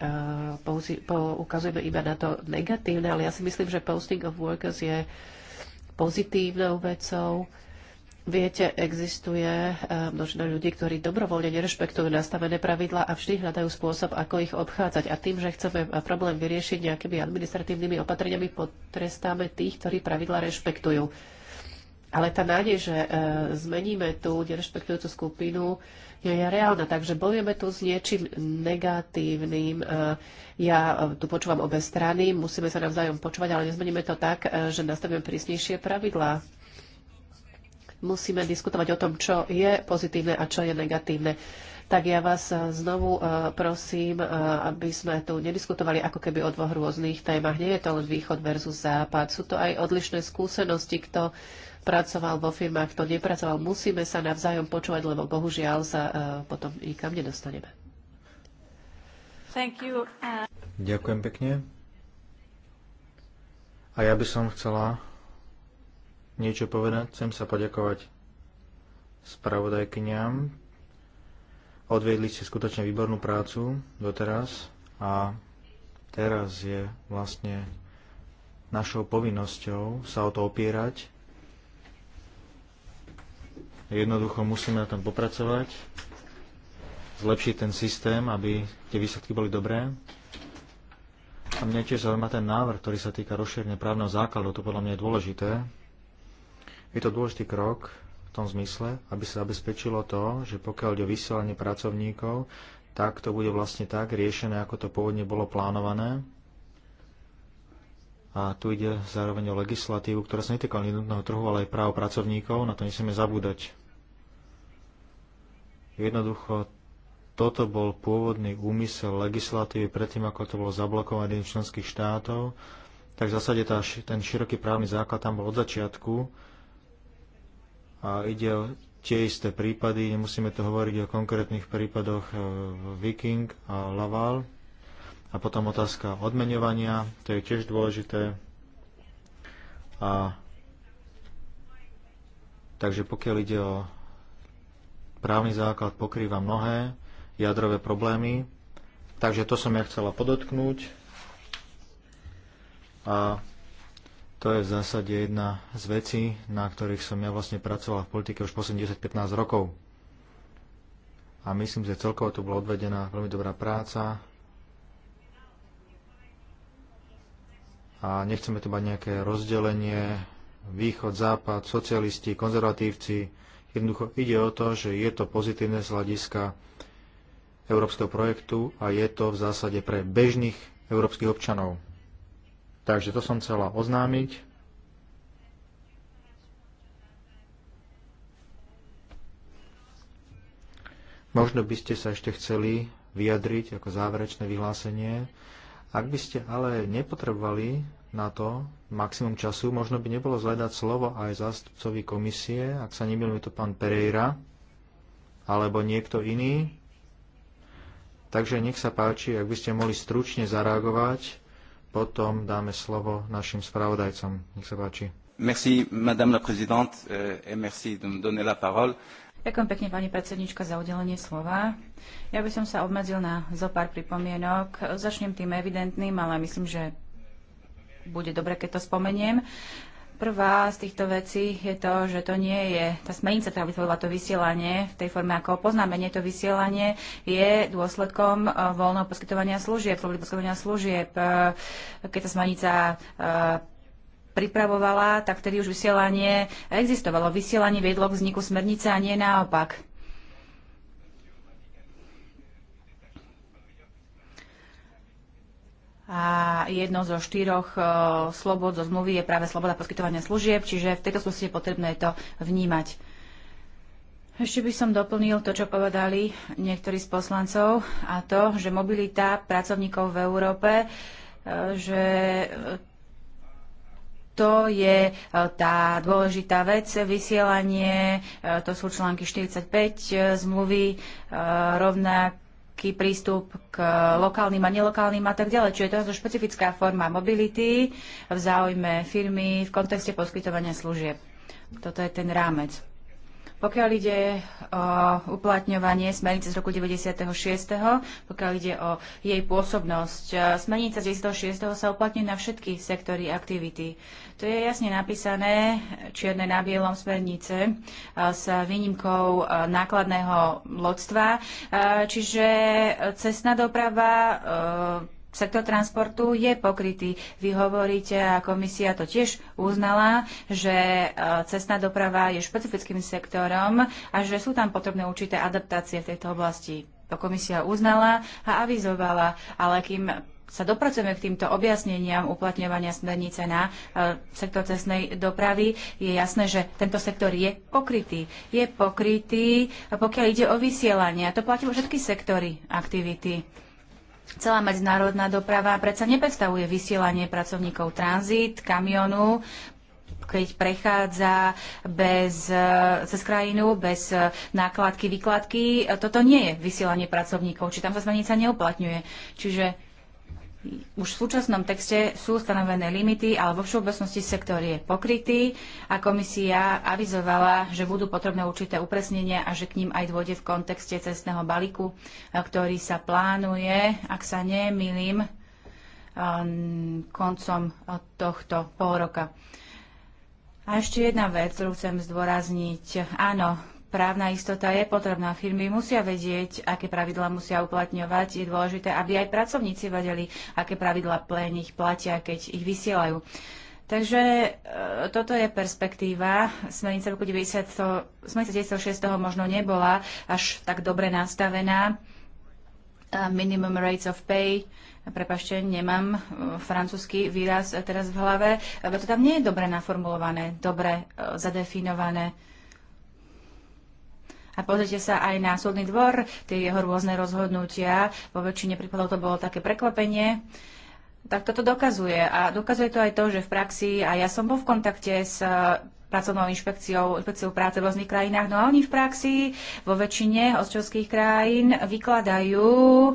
D: pouzi- ukazujeme iba na to negatívne, ale ja si myslím, že posting of workers je pozitívnou vecou. E, Viete, existuje eh, množina ľudí, ktorí dobrovoľne nerešpektujú nastavené pravidlá a vždy hľadajú spôsob, ako ich obchádzať. A tým, že chceme eh, problém vyriešiť nejakými administratívnymi opatreniami, potrestáme tých, ktorí pravidlá rešpektujú. Ale tá nádej, že e, zmeníme tú nerešpektujúcu skupinu, je, je reálna. Takže bojujeme tu s niečím negatívnym. E, ja e, tu počúvam obe strany, musíme sa navzájom počúvať, ale nezmeníme to tak, e, že nastavíme prísnejšie pravidlá musíme diskutovať o tom, čo je pozitívne a čo je negatívne. Tak ja vás eh, znovu eh, prosím, eh, aby sme tu nediskutovali ako keby o dvoch rôznych témach. Nie je to len východ versus západ. Sú to aj odlišné skúsenosti, kto pracoval vo firmách, kto nepracoval. Musíme sa navzájom počúvať, lebo bohužiaľ sa potom nikam nedostaneme.
B: Ďakujem pekne. A ja by som chcela niečo povedať. Chcem sa poďakovať spravodajkyniam. Odvedli ste skutočne výbornú prácu doteraz a teraz je vlastne našou povinnosťou sa o to opierať. Jednoducho musíme na tom popracovať, zlepšiť ten systém, aby tie výsledky boli dobré. A mňa tiež zaujíma ten návrh, ktorý sa týka rozšírenia právneho základu, to podľa mňa je dôležité, je to dôležitý krok v tom zmysle, aby sa zabezpečilo to, že pokiaľ ide o vysielanie pracovníkov, tak to bude vlastne tak riešené, ako to pôvodne bolo plánované. A tu ide zároveň o legislatívu, ktorá sa netýka jednotného trhu, ale aj práv pracovníkov, na to nesmieme zabúdať. Jednoducho, toto bol pôvodný úmysel legislatívy predtým, ako to bolo zablokované členských štátov, tak v zásade tá, ten široký právny základ tam bol od začiatku, a ide o tie isté prípady, nemusíme tu hovoriť o konkrétnych prípadoch e, Viking a Laval. A potom otázka odmeňovania, to je tiež dôležité. A takže pokiaľ ide o právny základ, pokrýva mnohé jadrové problémy. Takže to som ja chcela podotknúť. A to je v zásade jedna z vecí, na ktorých som ja vlastne pracoval v politike už posledných 10-15 rokov. A myslím, že celkovo to bola odvedená veľmi dobrá práca. A nechceme tu mať nejaké rozdelenie, východ, západ, socialisti, konzervatívci. Jednoducho ide o to, že je to pozitívne z hľadiska európskeho projektu a je to v zásade pre bežných európskych občanov. Takže to som chcela oznámiť. Možno by ste sa ešte chceli vyjadriť ako záverečné vyhlásenie. Ak by ste ale nepotrebovali na to maximum času, možno by nebolo zle slovo aj zástupcovi komisie, ak sa nemýlim, je to pán Pereira alebo niekto iný. Takže nech sa páči, ak by ste mohli stručne zareagovať potom dáme slovo našim spravodajcom. Nech sa páči.
A: Merci, madame la présidente, euh, et merci de me donner la parole.
B: Ďakujem pekne, pani
C: predsednička, za udelenie slova. Ja by som sa obmedzil na zo pár pripomienok. Začnem tým evidentným, ale myslím, že bude dobre, keď to spomeniem. Prvá z týchto vecí je to, že to nie je tá smernica, ktorá vytvorila to vysielanie v tej forme, ako poznámenie to vysielanie, je dôsledkom eh, voľného poskytovania služieb, slobody poskytovania služieb. Eh, keď tá smernica eh, pripravovala, tak vtedy už vysielanie existovalo. Vysielanie viedlo k vzniku smernice a nie naopak. A jedno zo štyroch e, slobod zo zmluvy je práve sloboda poskytovania služieb, čiže v tejto súvislosti je potrebné to vnímať. Ešte by som doplnil to, čo povedali niektorí z poslancov, a to, že mobilita pracovníkov v Európe, e, že e, to je tá dôležitá vec, vysielanie, to sú články 45 zmluvy, rovnak rovnaký prístup k lokálnym a nelokálnym a tak ďalej. Čiže to je to špecifická forma mobility v záujme firmy v kontexte poskytovania služieb. Toto je ten rámec. Pokiaľ ide o uplatňovanie smernice z roku 96., pokiaľ ide o jej pôsobnosť, smernica z 96. sa uplatňuje na všetky sektory aktivity. To je jasne napísané, čierne na bielom smernice, e, s výnimkou e, nákladného lodstva. E, čiže cestná doprava sektor transportu je pokrytý. Vy hovoríte, a komisia to tiež uznala, že cestná doprava je špecifickým sektorom a že sú tam potrebné určité adaptácie v tejto oblasti. To komisia uznala a avizovala, ale kým sa dopracujeme k týmto objasneniam uplatňovania smernice na e, sektor cestnej dopravy, je jasné, že tento sektor je pokrytý. Je pokrytý, pokiaľ ide o vysielanie. A to platí o všetky sektory aktivity. Celá medzinárodná doprava predsa nepredstavuje vysielanie pracovníkov tranzit, kamionu, keď prechádza bez, e, cez krajinu bez e, nákladky, výkladky. Toto nie je vysielanie pracovníkov, či tam sa smernica neuplatňuje. Čiže už v súčasnom texte sú stanovené limity, ale vo všeobecnosti sektor je pokrytý a komisia avizovala, že budú potrebné určité upresnenia a že k ním aj dôjde v kontexte cestného balíku, eh, ktorý sa plánuje, ak sa nemýlim, eh, koncom eh, tohto pol roka. A ešte jedna vec, ktorú chcem zdôrazniť. Áno, Právna istota je potrebná. Firmy musia vedieť, aké pravidlá musia uplatňovať. Je dôležité, aby aj pracovníci vedeli, aké pravidlá pre nich platia, keď ich vysielajú. Takže e, toto je perspektíva. Smernica roku 1906 možno nebola až tak dobre nastavená. A minimum rates of pay, prepašte, nemám e, francúzsky výraz teraz v hlave, lebo to tam nie je dobre naformulované, dobre e, zadefinované. A pozrite sa aj na súdny dvor, tie jeho rôzne rozhodnutia. Vo väčšine prípadov to bolo také prekvapenie. Tak toto dokazuje. A dokazuje to aj to, že v praxi, a ja som bol v kontakte s e, pracovnou inšpekciou, inšpekciou práce v rôznych krajinách. No a oni v praxi vo väčšine ostrovských krajín vykladajú e,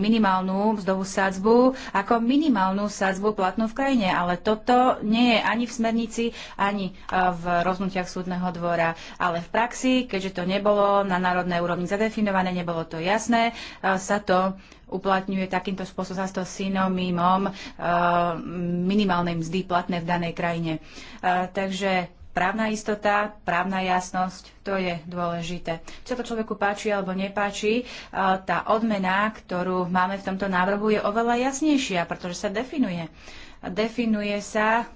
C: minimálnu mzdovú sadzbu ako minimálnu sadzbu platnú v krajine. Ale toto nie je ani v smernici, ani e, v rozhodnutiach súdneho dvora. Ale v praxi, keďže to nebolo na národnej úrovni zadefinované, nebolo to jasné, e, sa to uplatňuje takýmto spôsobom, sa to synomímom e, minimálnej mzdy platné v danej krajine. Takže právna istota, právna jasnosť, to je dôležité. Čo to človeku páči alebo nepáči, e, tá odmena, ktorú máme v tomto návrhu, je oveľa jasnejšia, pretože sa definuje. Definuje sa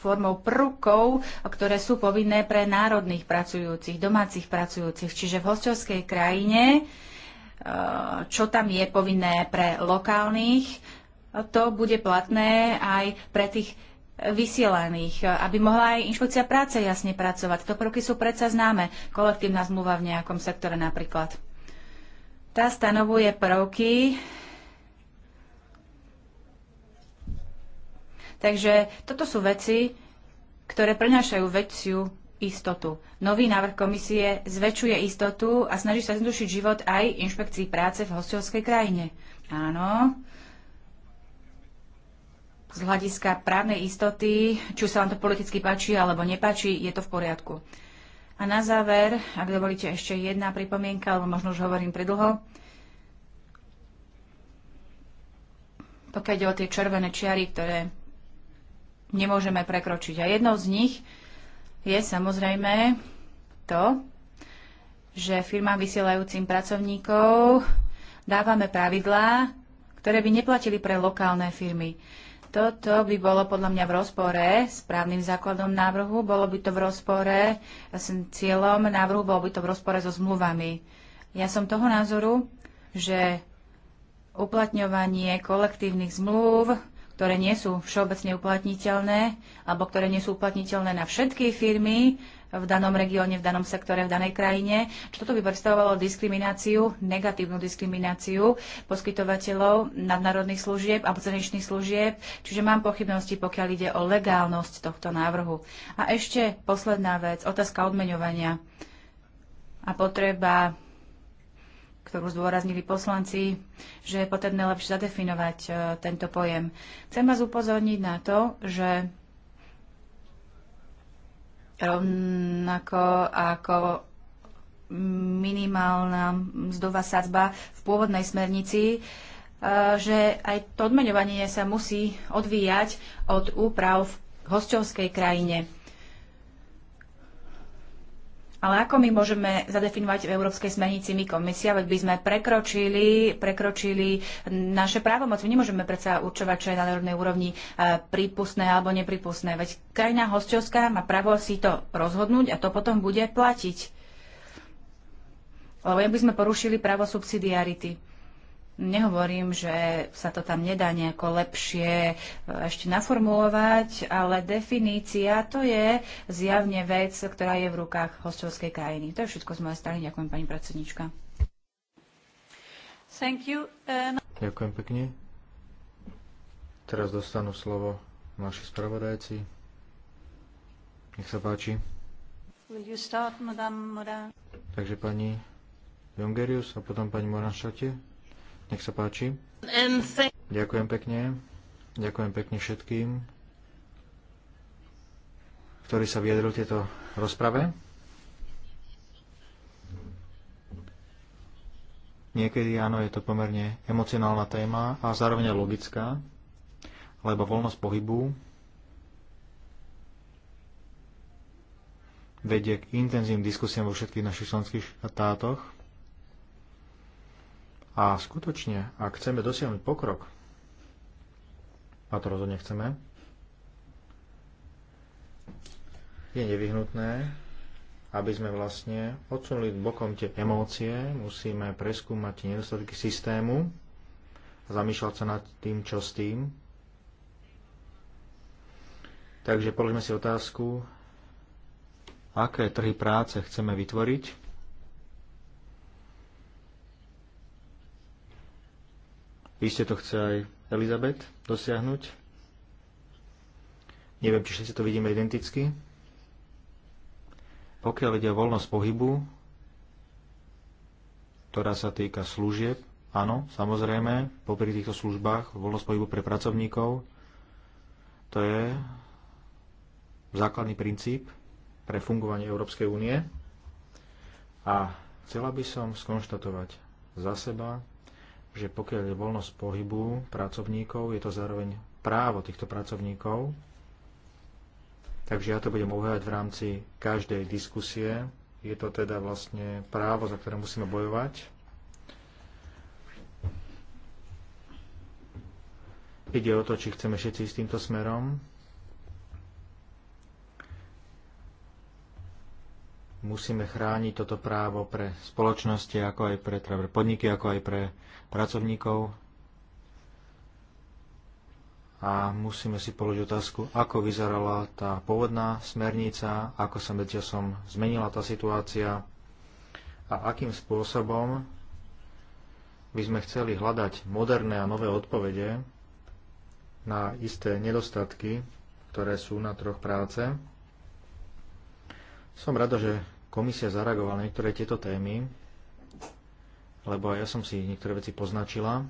C: formou prvkov, ktoré sú povinné pre národných pracujúcich, domácich pracujúcich. Čiže v hostovskej krajine, e, čo tam je povinné pre lokálnych, to bude platné aj pre tých vysielaných, aby mohla aj inšpekcia práce jasne pracovať. To prvky sú predsa známe, kolektívna zmluva v nejakom sektore napríklad. Tá stanovuje prvky, Takže toto sú veci, ktoré prenášajú väčšiu istotu. Nový návrh komisie zväčšuje istotu a snaží sa zdušiť život aj inšpekcii práce v hostovskej krajine. Áno, z hľadiska právnej istoty, či sa vám to politicky páči alebo nepáči, je to v poriadku. A na záver, ak dovolíte ešte jedna pripomienka, alebo možno už hovorím predlho, pokiaľ ide o tie červené čiary, ktoré nemôžeme prekročiť. A jednou z nich je samozrejme to, že firmám vysielajúcim pracovníkov dávame pravidlá, ktoré by neplatili pre lokálne firmy. Toto by bolo podľa mňa v rozpore s právnym základom návrhu, bolo by to v rozpore s cieľom návrhu, bolo by to v rozpore so zmluvami. Ja som toho názoru, že uplatňovanie kolektívnych zmluv, ktoré nie sú všeobecne uplatniteľné, alebo ktoré nie sú uplatniteľné na všetky firmy, v danom regióne, v danom sektore, v danej krajine. Čo toto by predstavovalo diskrimináciu, negatívnu diskrimináciu poskytovateľov nadnárodných služieb a ceničných služieb, čiže mám pochybnosti, pokiaľ ide o legálnosť tohto návrhu. A ešte posledná vec, otázka odmeňovania a potreba ktorú zdôraznili poslanci, že je potrebné lepšie zadefinovať e, tento pojem. Chcem vás upozorniť na to, že rovnako ako minimálna mzdová sadzba v pôvodnej smernici, e, že aj to odmeňovanie sa musí odvíjať od úprav v hostovskej krajine. Ale ako my môžeme zadefinovať v Európskej smernici my komisia, veď by sme prekročili, prekročili naše právomoc. My nemôžeme predsa určovať, čo je na národnej úrovni e, prípustné alebo nepripustné. Veď krajina hostovská má právo si to rozhodnúť a to potom bude platiť. Lebo by sme porušili právo subsidiarity. Nehovorím, že sa to tam nedá nejako lepšie e, ešte naformulovať, ale definícia to je zjavne vec, ktorá je v rukách hostovskej krajiny. To je všetko z mojej strany. Ďakujem, pani predsednička. Thank
A: you. E, no-
B: Ďakujem pekne. Teraz dostanú slovo naši spravodajci. Nech sa páči.
A: Will you start, Madame Moran?
B: Takže pani Jongerius a potom pani Moran Šatie. Nech sa páči. Ďakujem pekne. Ďakujem pekne všetkým, ktorí sa vyjadrili v tejto rozprave. Niekedy áno, je to pomerne emocionálna téma a zároveň logická, lebo voľnosť pohybu vedie k intenzívnym diskusiám vo všetkých našich členských štátoch a skutočne, ak chceme dosiahnuť pokrok, a to rozhodne chceme, je nevyhnutné, aby sme vlastne odsunuli bokom tie emócie, musíme preskúmať tie nedostatky systému a zamýšľať sa nad tým, čo s tým. Takže položme si otázku, aké trhy práce chceme vytvoriť Iste to chce aj Elizabeth dosiahnuť. Neviem, či všetci to vidíme identicky. Pokiaľ ide o voľnosť pohybu, ktorá sa týka služieb, áno, samozrejme, popri týchto službách, voľnosť pohybu pre pracovníkov, to je základný princíp pre fungovanie Európskej únie. A chcela by som skonštatovať za seba, že pokiaľ je voľnosť pohybu pracovníkov, je to zároveň právo týchto pracovníkov. Takže ja to budem uvájať v rámci každej diskusie. Je to teda vlastne právo, za ktoré musíme bojovať. Ide o to, či chceme všetci s týmto smerom. musíme chrániť toto právo pre spoločnosti, ako aj teda pre, podniky, ako aj pre pracovníkov. A musíme si položiť otázku, ako vyzerala tá pôvodná smernica, ako sa medzičasom zmenila tá situácia a akým spôsobom by sme chceli hľadať moderné a nové odpovede na isté nedostatky, ktoré sú na troch práce. Som rada, že komisia zareagovala na niektoré tieto témy, lebo ja som si niektoré veci poznačila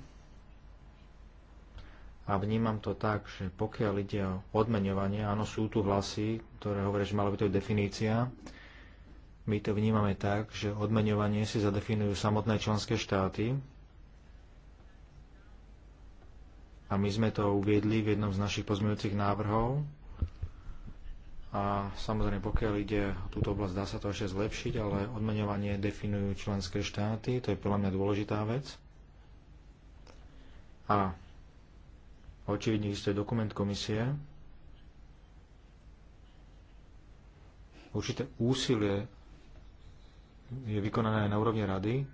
B: a vnímam to tak, že pokiaľ ide o odmeňovanie, áno, sú tu hlasy, ktoré hovoria, že malo by to byť definícia. My to vnímame tak, že odmeňovanie si zadefinujú samotné členské štáty a my sme to uviedli v jednom z našich pozmeňujúcich návrhov. A samozrejme, pokiaľ ide o túto oblasť, dá sa to ešte zlepšiť, ale odmeňovanie definujú členské štáty, to je podľa mňa dôležitá vec. A očividne existuje dokument komisie, určité úsilie je vykonané na úrovni rady,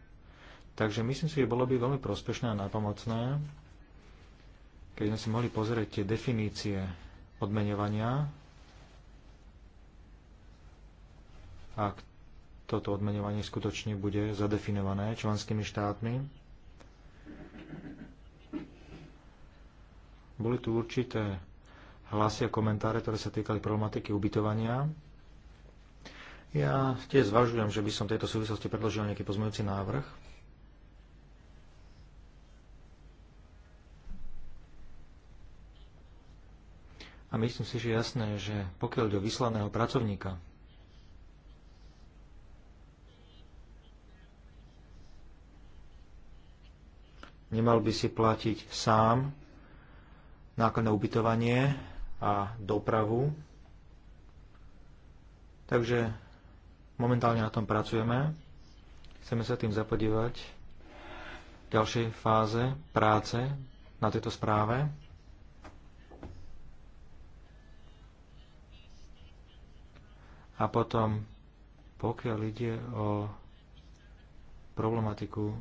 B: takže myslím si, že bolo by veľmi prospešné a nápomocné, keď sme si mohli pozrieť tie definície odmeňovania ak toto odmenovanie skutočne bude zadefinované členskými štátmi. Boli tu určité hlasy a komentáre, ktoré sa týkali problematiky ubytovania. Ja tiež zvažujem, že by som v tejto súvislosti predložil nejaký pozmeňujúci návrh. A myslím si, že jasné, že pokiaľ do vyslaného pracovníka, nemal by si platiť sám nákladné ubytovanie a dopravu. Takže momentálne na tom pracujeme. Chceme sa tým zapodívať v ďalšej fáze práce na tejto správe. A potom, pokiaľ ide o problematiku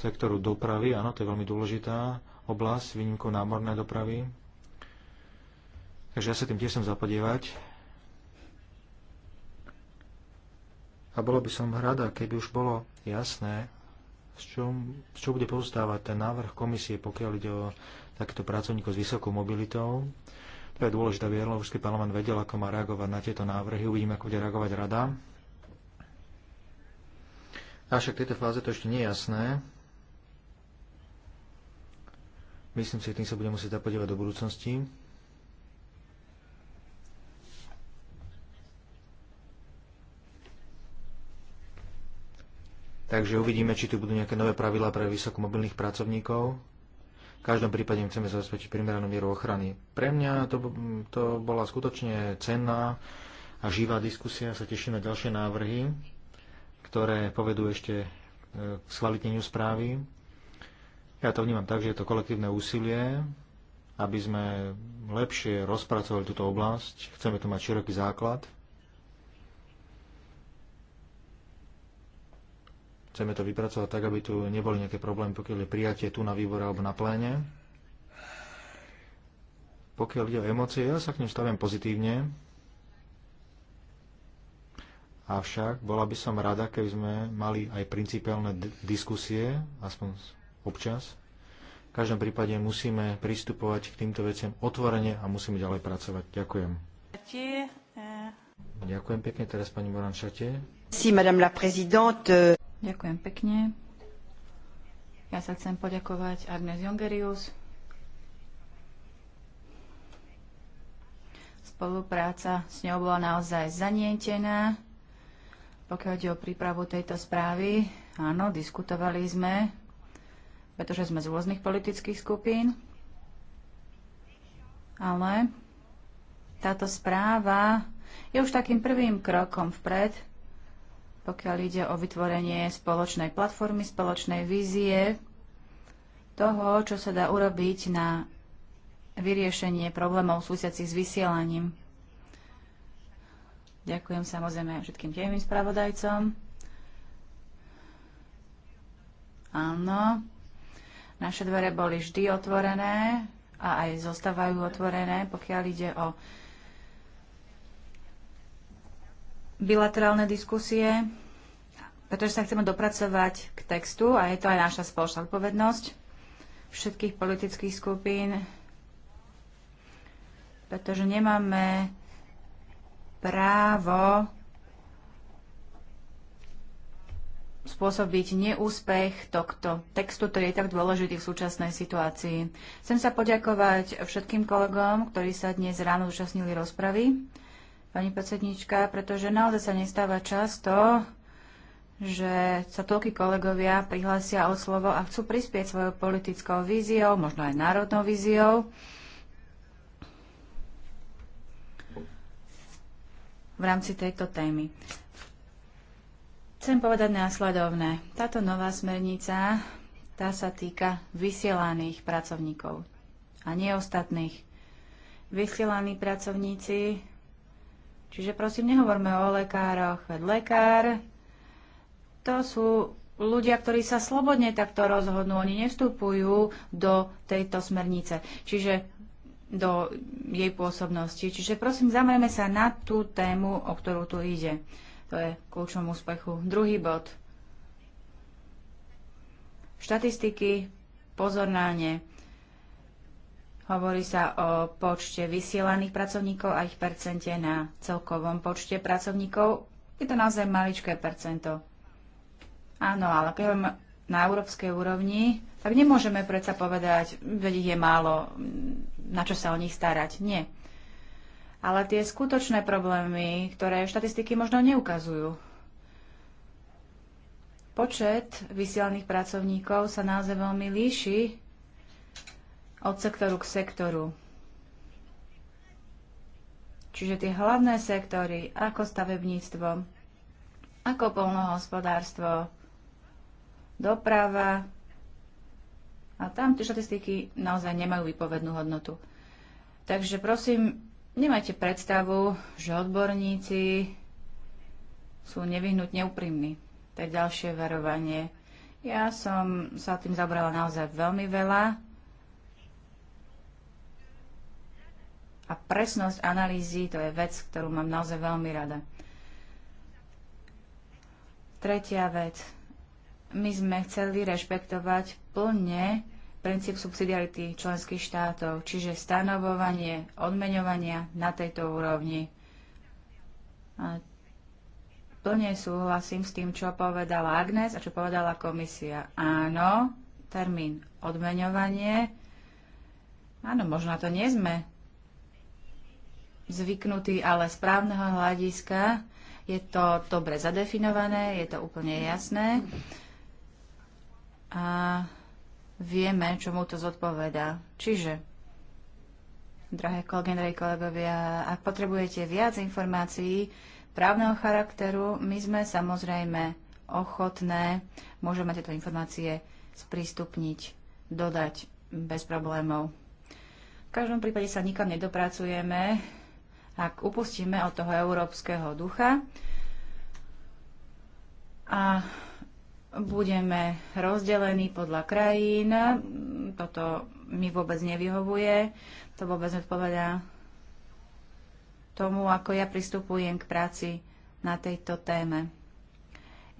B: sektoru dopravy, áno, to je veľmi dôležitá oblasť, výnimkou námornej dopravy. Takže ja sa tým tiež som zapodievať. A bolo by som rada, keby už bolo jasné, z čo, z čo bude pozostávať ten návrh komisie, pokiaľ ide o takýchto pracovníkov s vysokou mobilitou. To je dôležité, aby Európsky parlament vedel, ako má reagovať na tieto návrhy. Uvidíme, ako bude reagovať rada. Avšak v tejto fáze to ešte nie je jasné. Myslím si, že tým sa budeme musieť zapodívať do budúcnosti. Takže uvidíme, či tu budú nejaké nové pravidlá pre vysokomobilných pracovníkov. V každom prípade im chceme zabezpečiť primeranú mieru ochrany. Pre mňa to, to bola skutočne cenná a živá diskusia. Sa teším na ďalšie návrhy, ktoré povedú ešte e, k schvalitneniu správy. Ja to vnímam tak, že je to kolektívne úsilie, aby sme lepšie rozpracovali túto oblasť. Chceme tu mať široký základ. Chceme to vypracovať tak, aby tu neboli nejaké problémy, pokiaľ je prijatie tu na výbore alebo na pléne. Pokiaľ ide o emócie, ja sa k ním stavím pozitívne. Avšak bola by som rada, keby sme mali aj principiálne diskusie, aspoň občas. V každom prípade musíme pristupovať k týmto veciam otvorene a musíme ďalej pracovať. Ďakujem. Ďakujem pekne teraz pani Moran Šate.
A: Ďakujem
C: pekne. Ja sa chcem poďakovať Agnes Jongerius. Spolupráca s ňou bola naozaj zanietená. Pokiaľ ide o prípravu tejto správy, áno, diskutovali sme pretože sme z rôznych politických skupín. Ale táto správa je už takým prvým krokom vpred, pokiaľ ide o vytvorenie spoločnej platformy, spoločnej vízie toho, čo sa dá urobiť na vyriešenie problémov súsiacich s vysielaním. Ďakujem samozrejme všetkým tiemým spravodajcom. Áno, naše dvere boli vždy otvorené a aj zostávajú otvorené, pokiaľ ide o bilaterálne diskusie, pretože sa chceme dopracovať k textu a je to aj naša spoločná odpovednosť všetkých politických skupín, pretože nemáme právo spôsobiť neúspech tohto textu, ktorý je tak dôležitý v súčasnej situácii. Chcem sa poďakovať všetkým kolegom, ktorí sa dnes ráno zúčastnili rozpravy, pani predsednička, pretože naozaj sa nestáva často, že sa toľky kolegovia prihlásia o slovo a chcú prispieť svojou politickou víziou, možno aj národnou víziou. v rámci tejto témy. Chcem povedať následovné. Táto nová smernica, tá sa týka vysielaných pracovníkov a nie ostatných. Vysielaní pracovníci, čiže prosím, nehovorme o lekároch, veď lekár, to sú ľudia, ktorí sa slobodne takto rozhodnú, oni nevstupujú do tejto smernice, čiže do jej pôsobnosti. Čiže prosím, zamerme sa na tú tému, o ktorú tu ide. To je kľúčom úspechu. Druhý bod. Štatistiky, pozor na ne. Hovorí sa o počte vysielaných pracovníkov a ich percente na celkovom počte pracovníkov. Je to naozaj maličké percento. Áno, ale keď na európskej úrovni, tak nemôžeme predsa povedať, že ich je málo, na čo sa o nich starať. Nie ale tie skutočné problémy, ktoré štatistiky možno neukazujú. Počet vysielaných pracovníkov sa naozaj veľmi líši od sektoru k sektoru. Čiže tie hlavné sektory, ako stavebníctvo, ako polnohospodárstvo, doprava, a tam tie štatistiky naozaj nemajú výpovednú hodnotu. Takže prosím, Nemajte predstavu, že odborníci sú nevyhnutne úprimní. To je ďalšie verovanie. Ja som sa tým zabrala naozaj veľmi veľa. A presnosť analýzy to je vec, ktorú mám naozaj veľmi rada. Tretia vec. My sme chceli rešpektovať plne princíp subsidiarity členských štátov, čiže stanovovanie odmeňovania na tejto úrovni. A plne súhlasím s tým, čo povedala Agnes a čo povedala komisia. Áno, termín odmeňovanie. Áno, možno to nie sme zvyknutí, ale správneho hľadiska je to dobre zadefinované, je to úplne jasné. A vieme, čo mu to zodpovedá. Čiže, drahé kolegy, kolegovia, ak potrebujete viac informácií právneho charakteru, my sme samozrejme ochotné, môžeme tieto informácie sprístupniť, dodať bez problémov. V každom prípade sa nikam nedopracujeme, ak upustíme od toho európskeho ducha a budeme rozdelení podľa krajín. Toto mi vôbec nevyhovuje. To vôbec odpovedá tomu, ako ja pristupujem k práci na tejto téme.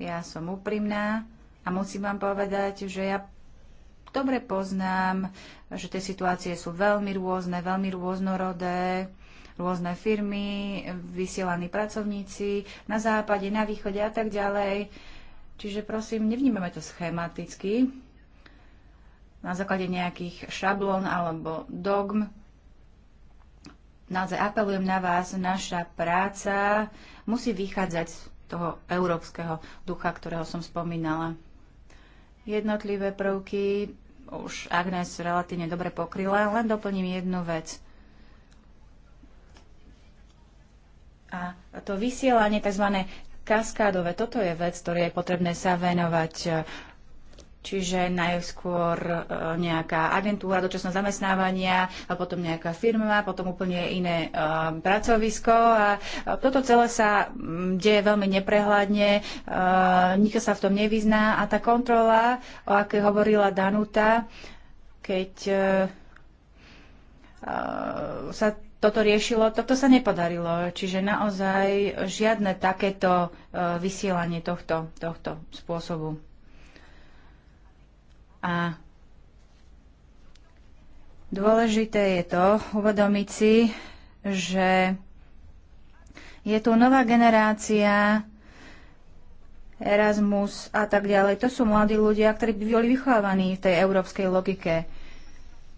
C: Ja som úprimná a musím vám povedať, že ja dobre poznám, že tie situácie sú veľmi rôzne, veľmi rôznorodé rôzne firmy, vysielaní pracovníci na západe, na východe a tak ďalej. Čiže prosím, nevnímame to schematicky na základe nejakých šablón alebo dogm. Naozaj apelujem na vás, naša práca musí vychádzať z toho európskeho ducha, ktorého som spomínala. Jednotlivé prvky už Agnes relatívne dobre pokryla, len doplním jednu vec. A to vysielanie tzv kaskádové. Toto je vec, ktorej je potrebné sa venovať. Čiže najskôr e, nejaká agentúra dočasného zamestnávania, a potom nejaká firma, potom úplne iné e, pracovisko. A e, toto celé sa deje veľmi neprehľadne, nikto sa v tom nevyzná. A tá kontrola, o akej hovorila Danuta, keď sa toto riešilo, toto sa nepodarilo. Čiže naozaj žiadne takéto e, vysielanie tohto, tohto spôsobu. A dôležité je to uvedomiť si, že je tu nová generácia Erasmus a tak ďalej. To sú mladí ľudia, ktorí by boli vychovávaní v tej európskej logike.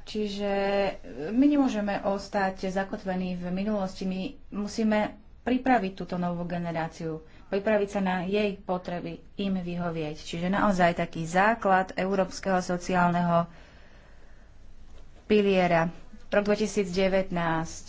C: Čiže e, my nemôžeme ostať zakotvení v minulosti, my musíme pripraviť túto novú generáciu, pripraviť sa na jej potreby, im vyhovieť. Čiže naozaj taký základ európskeho sociálneho piliera. Rok 2019,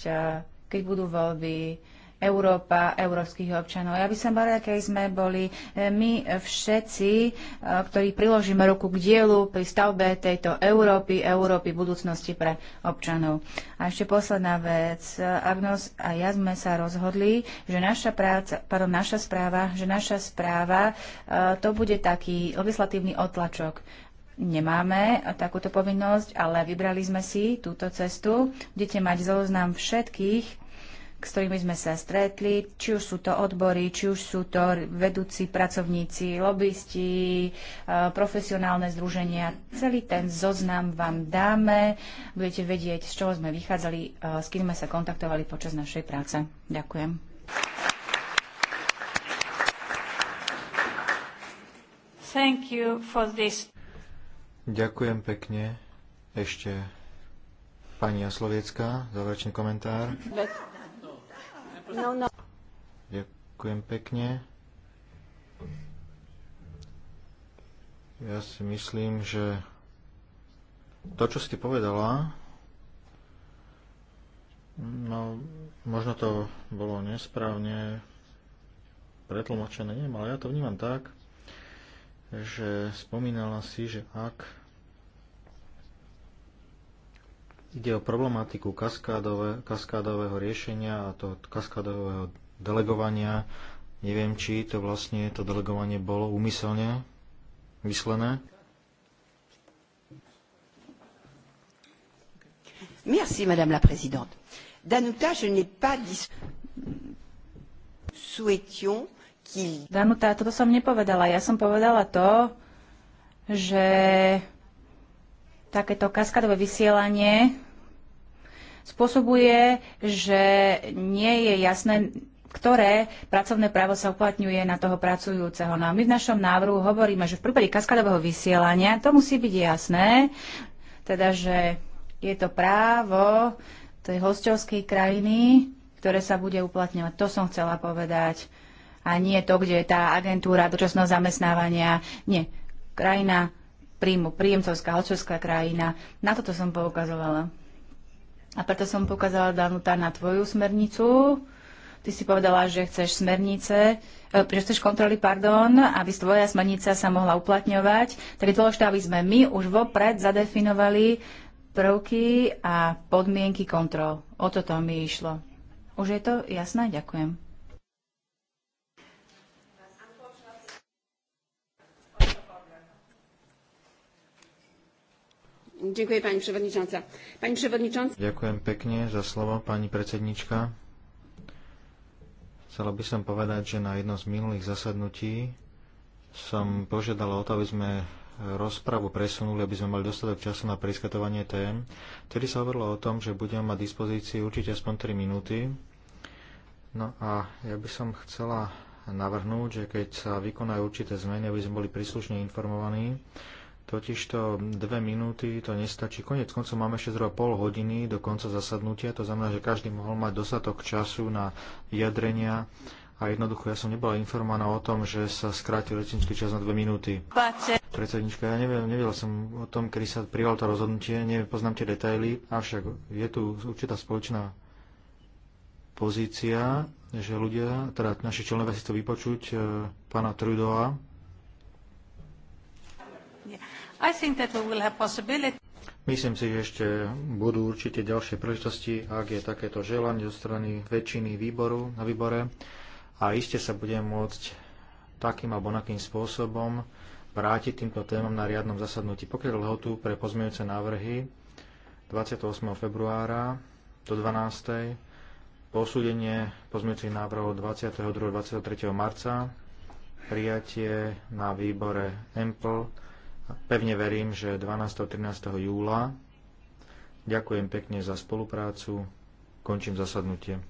C: e, keď budú voľby, Európa európskych občanov. Ja by som bola, keď sme boli e, my všetci, e, ktorí priložíme ruku k dielu pri stavbe tejto Európy, Európy budúcnosti pre občanov. A ešte posledná vec. Agnos a ja sme sa rozhodli, že naša, práca, pardon, naša správa, že naša správa e, to bude taký legislatívny otlačok nemáme takúto povinnosť, ale vybrali sme si túto cestu. Budete mať zoznam všetkých s ktorými sme sa stretli, či už sú to odbory, či už sú to vedúci pracovníci, lobbysti, e, profesionálne združenia. Celý ten zoznam vám dáme. Budete vedieť, z čoho sme vychádzali, e, s kým sme sa kontaktovali počas našej práce. Ďakujem.
A: Thank you for this.
B: Ďakujem pekne. Ešte pani Jasloviecka, záverečný komentár.
A: But... No, no.
B: Ďakujem pekne. Ja si myslím, že to, čo ste povedala, no možno to bolo nesprávne pretlmočené, neviem, ale ja to vnímam tak, že spomínala si, že ak Ide o problematiku kaskádové, kaskádového riešenia a toho kaskádového delegovania. Neviem, či to vlastne to delegovanie bolo úmyselne vyslené.
A: Merci, Madame la Présidente. Danuta, je n'ai pas dis...
C: Souhaitions qu'il... Danuta, toto som nepovedala. Ja som povedala to, že takéto kaskadové vysielanie spôsobuje, že nie je jasné, ktoré pracovné právo sa uplatňuje na toho pracujúceho. No a my v našom návrhu hovoríme, že v prípade kaskadového vysielania to musí byť jasné, teda, že je to právo tej hostovskej krajiny, ktoré sa bude uplatňovať. To som chcela povedať. A nie to, kde je tá agentúra dočasného zamestnávania. Nie. Krajina príjmu príjemcovská, alčovská krajina. Na toto som poukazovala. A preto som poukázala Danuta na tvoju smernicu. Ty si povedala, že chceš smernice, eh, že chceš kontroly, pardon, aby tvoja smernica sa mohla uplatňovať. Tak je dôležité, aby sme my už vopred zadefinovali prvky a podmienky kontrol. O toto mi išlo. Už je to jasné? Ďakujem.
D: Ďakujem, pani Pani
B: Ďakujem pekne za slovo, pani predsednička. Chcela by som povedať, že na jedno z minulých zasadnutí som požiadala o to, aby sme rozpravu presunuli, aby sme mali dostatok času na preskatovanie tém. Vtedy sa hovorilo o tom, že budeme mať dispozícii určite aspoň 3 minúty. No a ja by som chcela navrhnúť, že keď sa vykonajú určité zmeny, aby sme boli príslušne informovaní, Totižto dve minúty to nestačí. Konec koncov máme ešte zhruba pol hodiny do konca zasadnutia. To znamená, že každý mohol mať dostatok času na vyjadrenia. A jednoducho ja som nebola informovaná o tom, že sa skrátil rečnícky čas na dve minúty. Predsednička, ja neviem, nevedela som o tom, kedy sa prijal to rozhodnutie, nepoznám tie detaily, avšak je tu určitá spoločná pozícia, že ľudia, teda naši členovia si to vypočuť eh, pána Trudova,
A: i think that we will have possibility.
B: Myslím si, že ešte budú určite ďalšie príležitosti, ak je takéto želanie zo strany väčšiny výboru na výbore a iste sa budem môcť takým alebo onakým spôsobom vrátiť týmto témam na riadnom zasadnutí. Pokiaľ lehotu pre pozmeňujúce návrhy 28. februára do 12. posúdenie pozmeňujúcich návrhov 22. 23. marca prijatie na výbore EMPL Pevne verím, že 12. 13. júla. Ďakujem pekne za spoluprácu. Končím zasadnutie.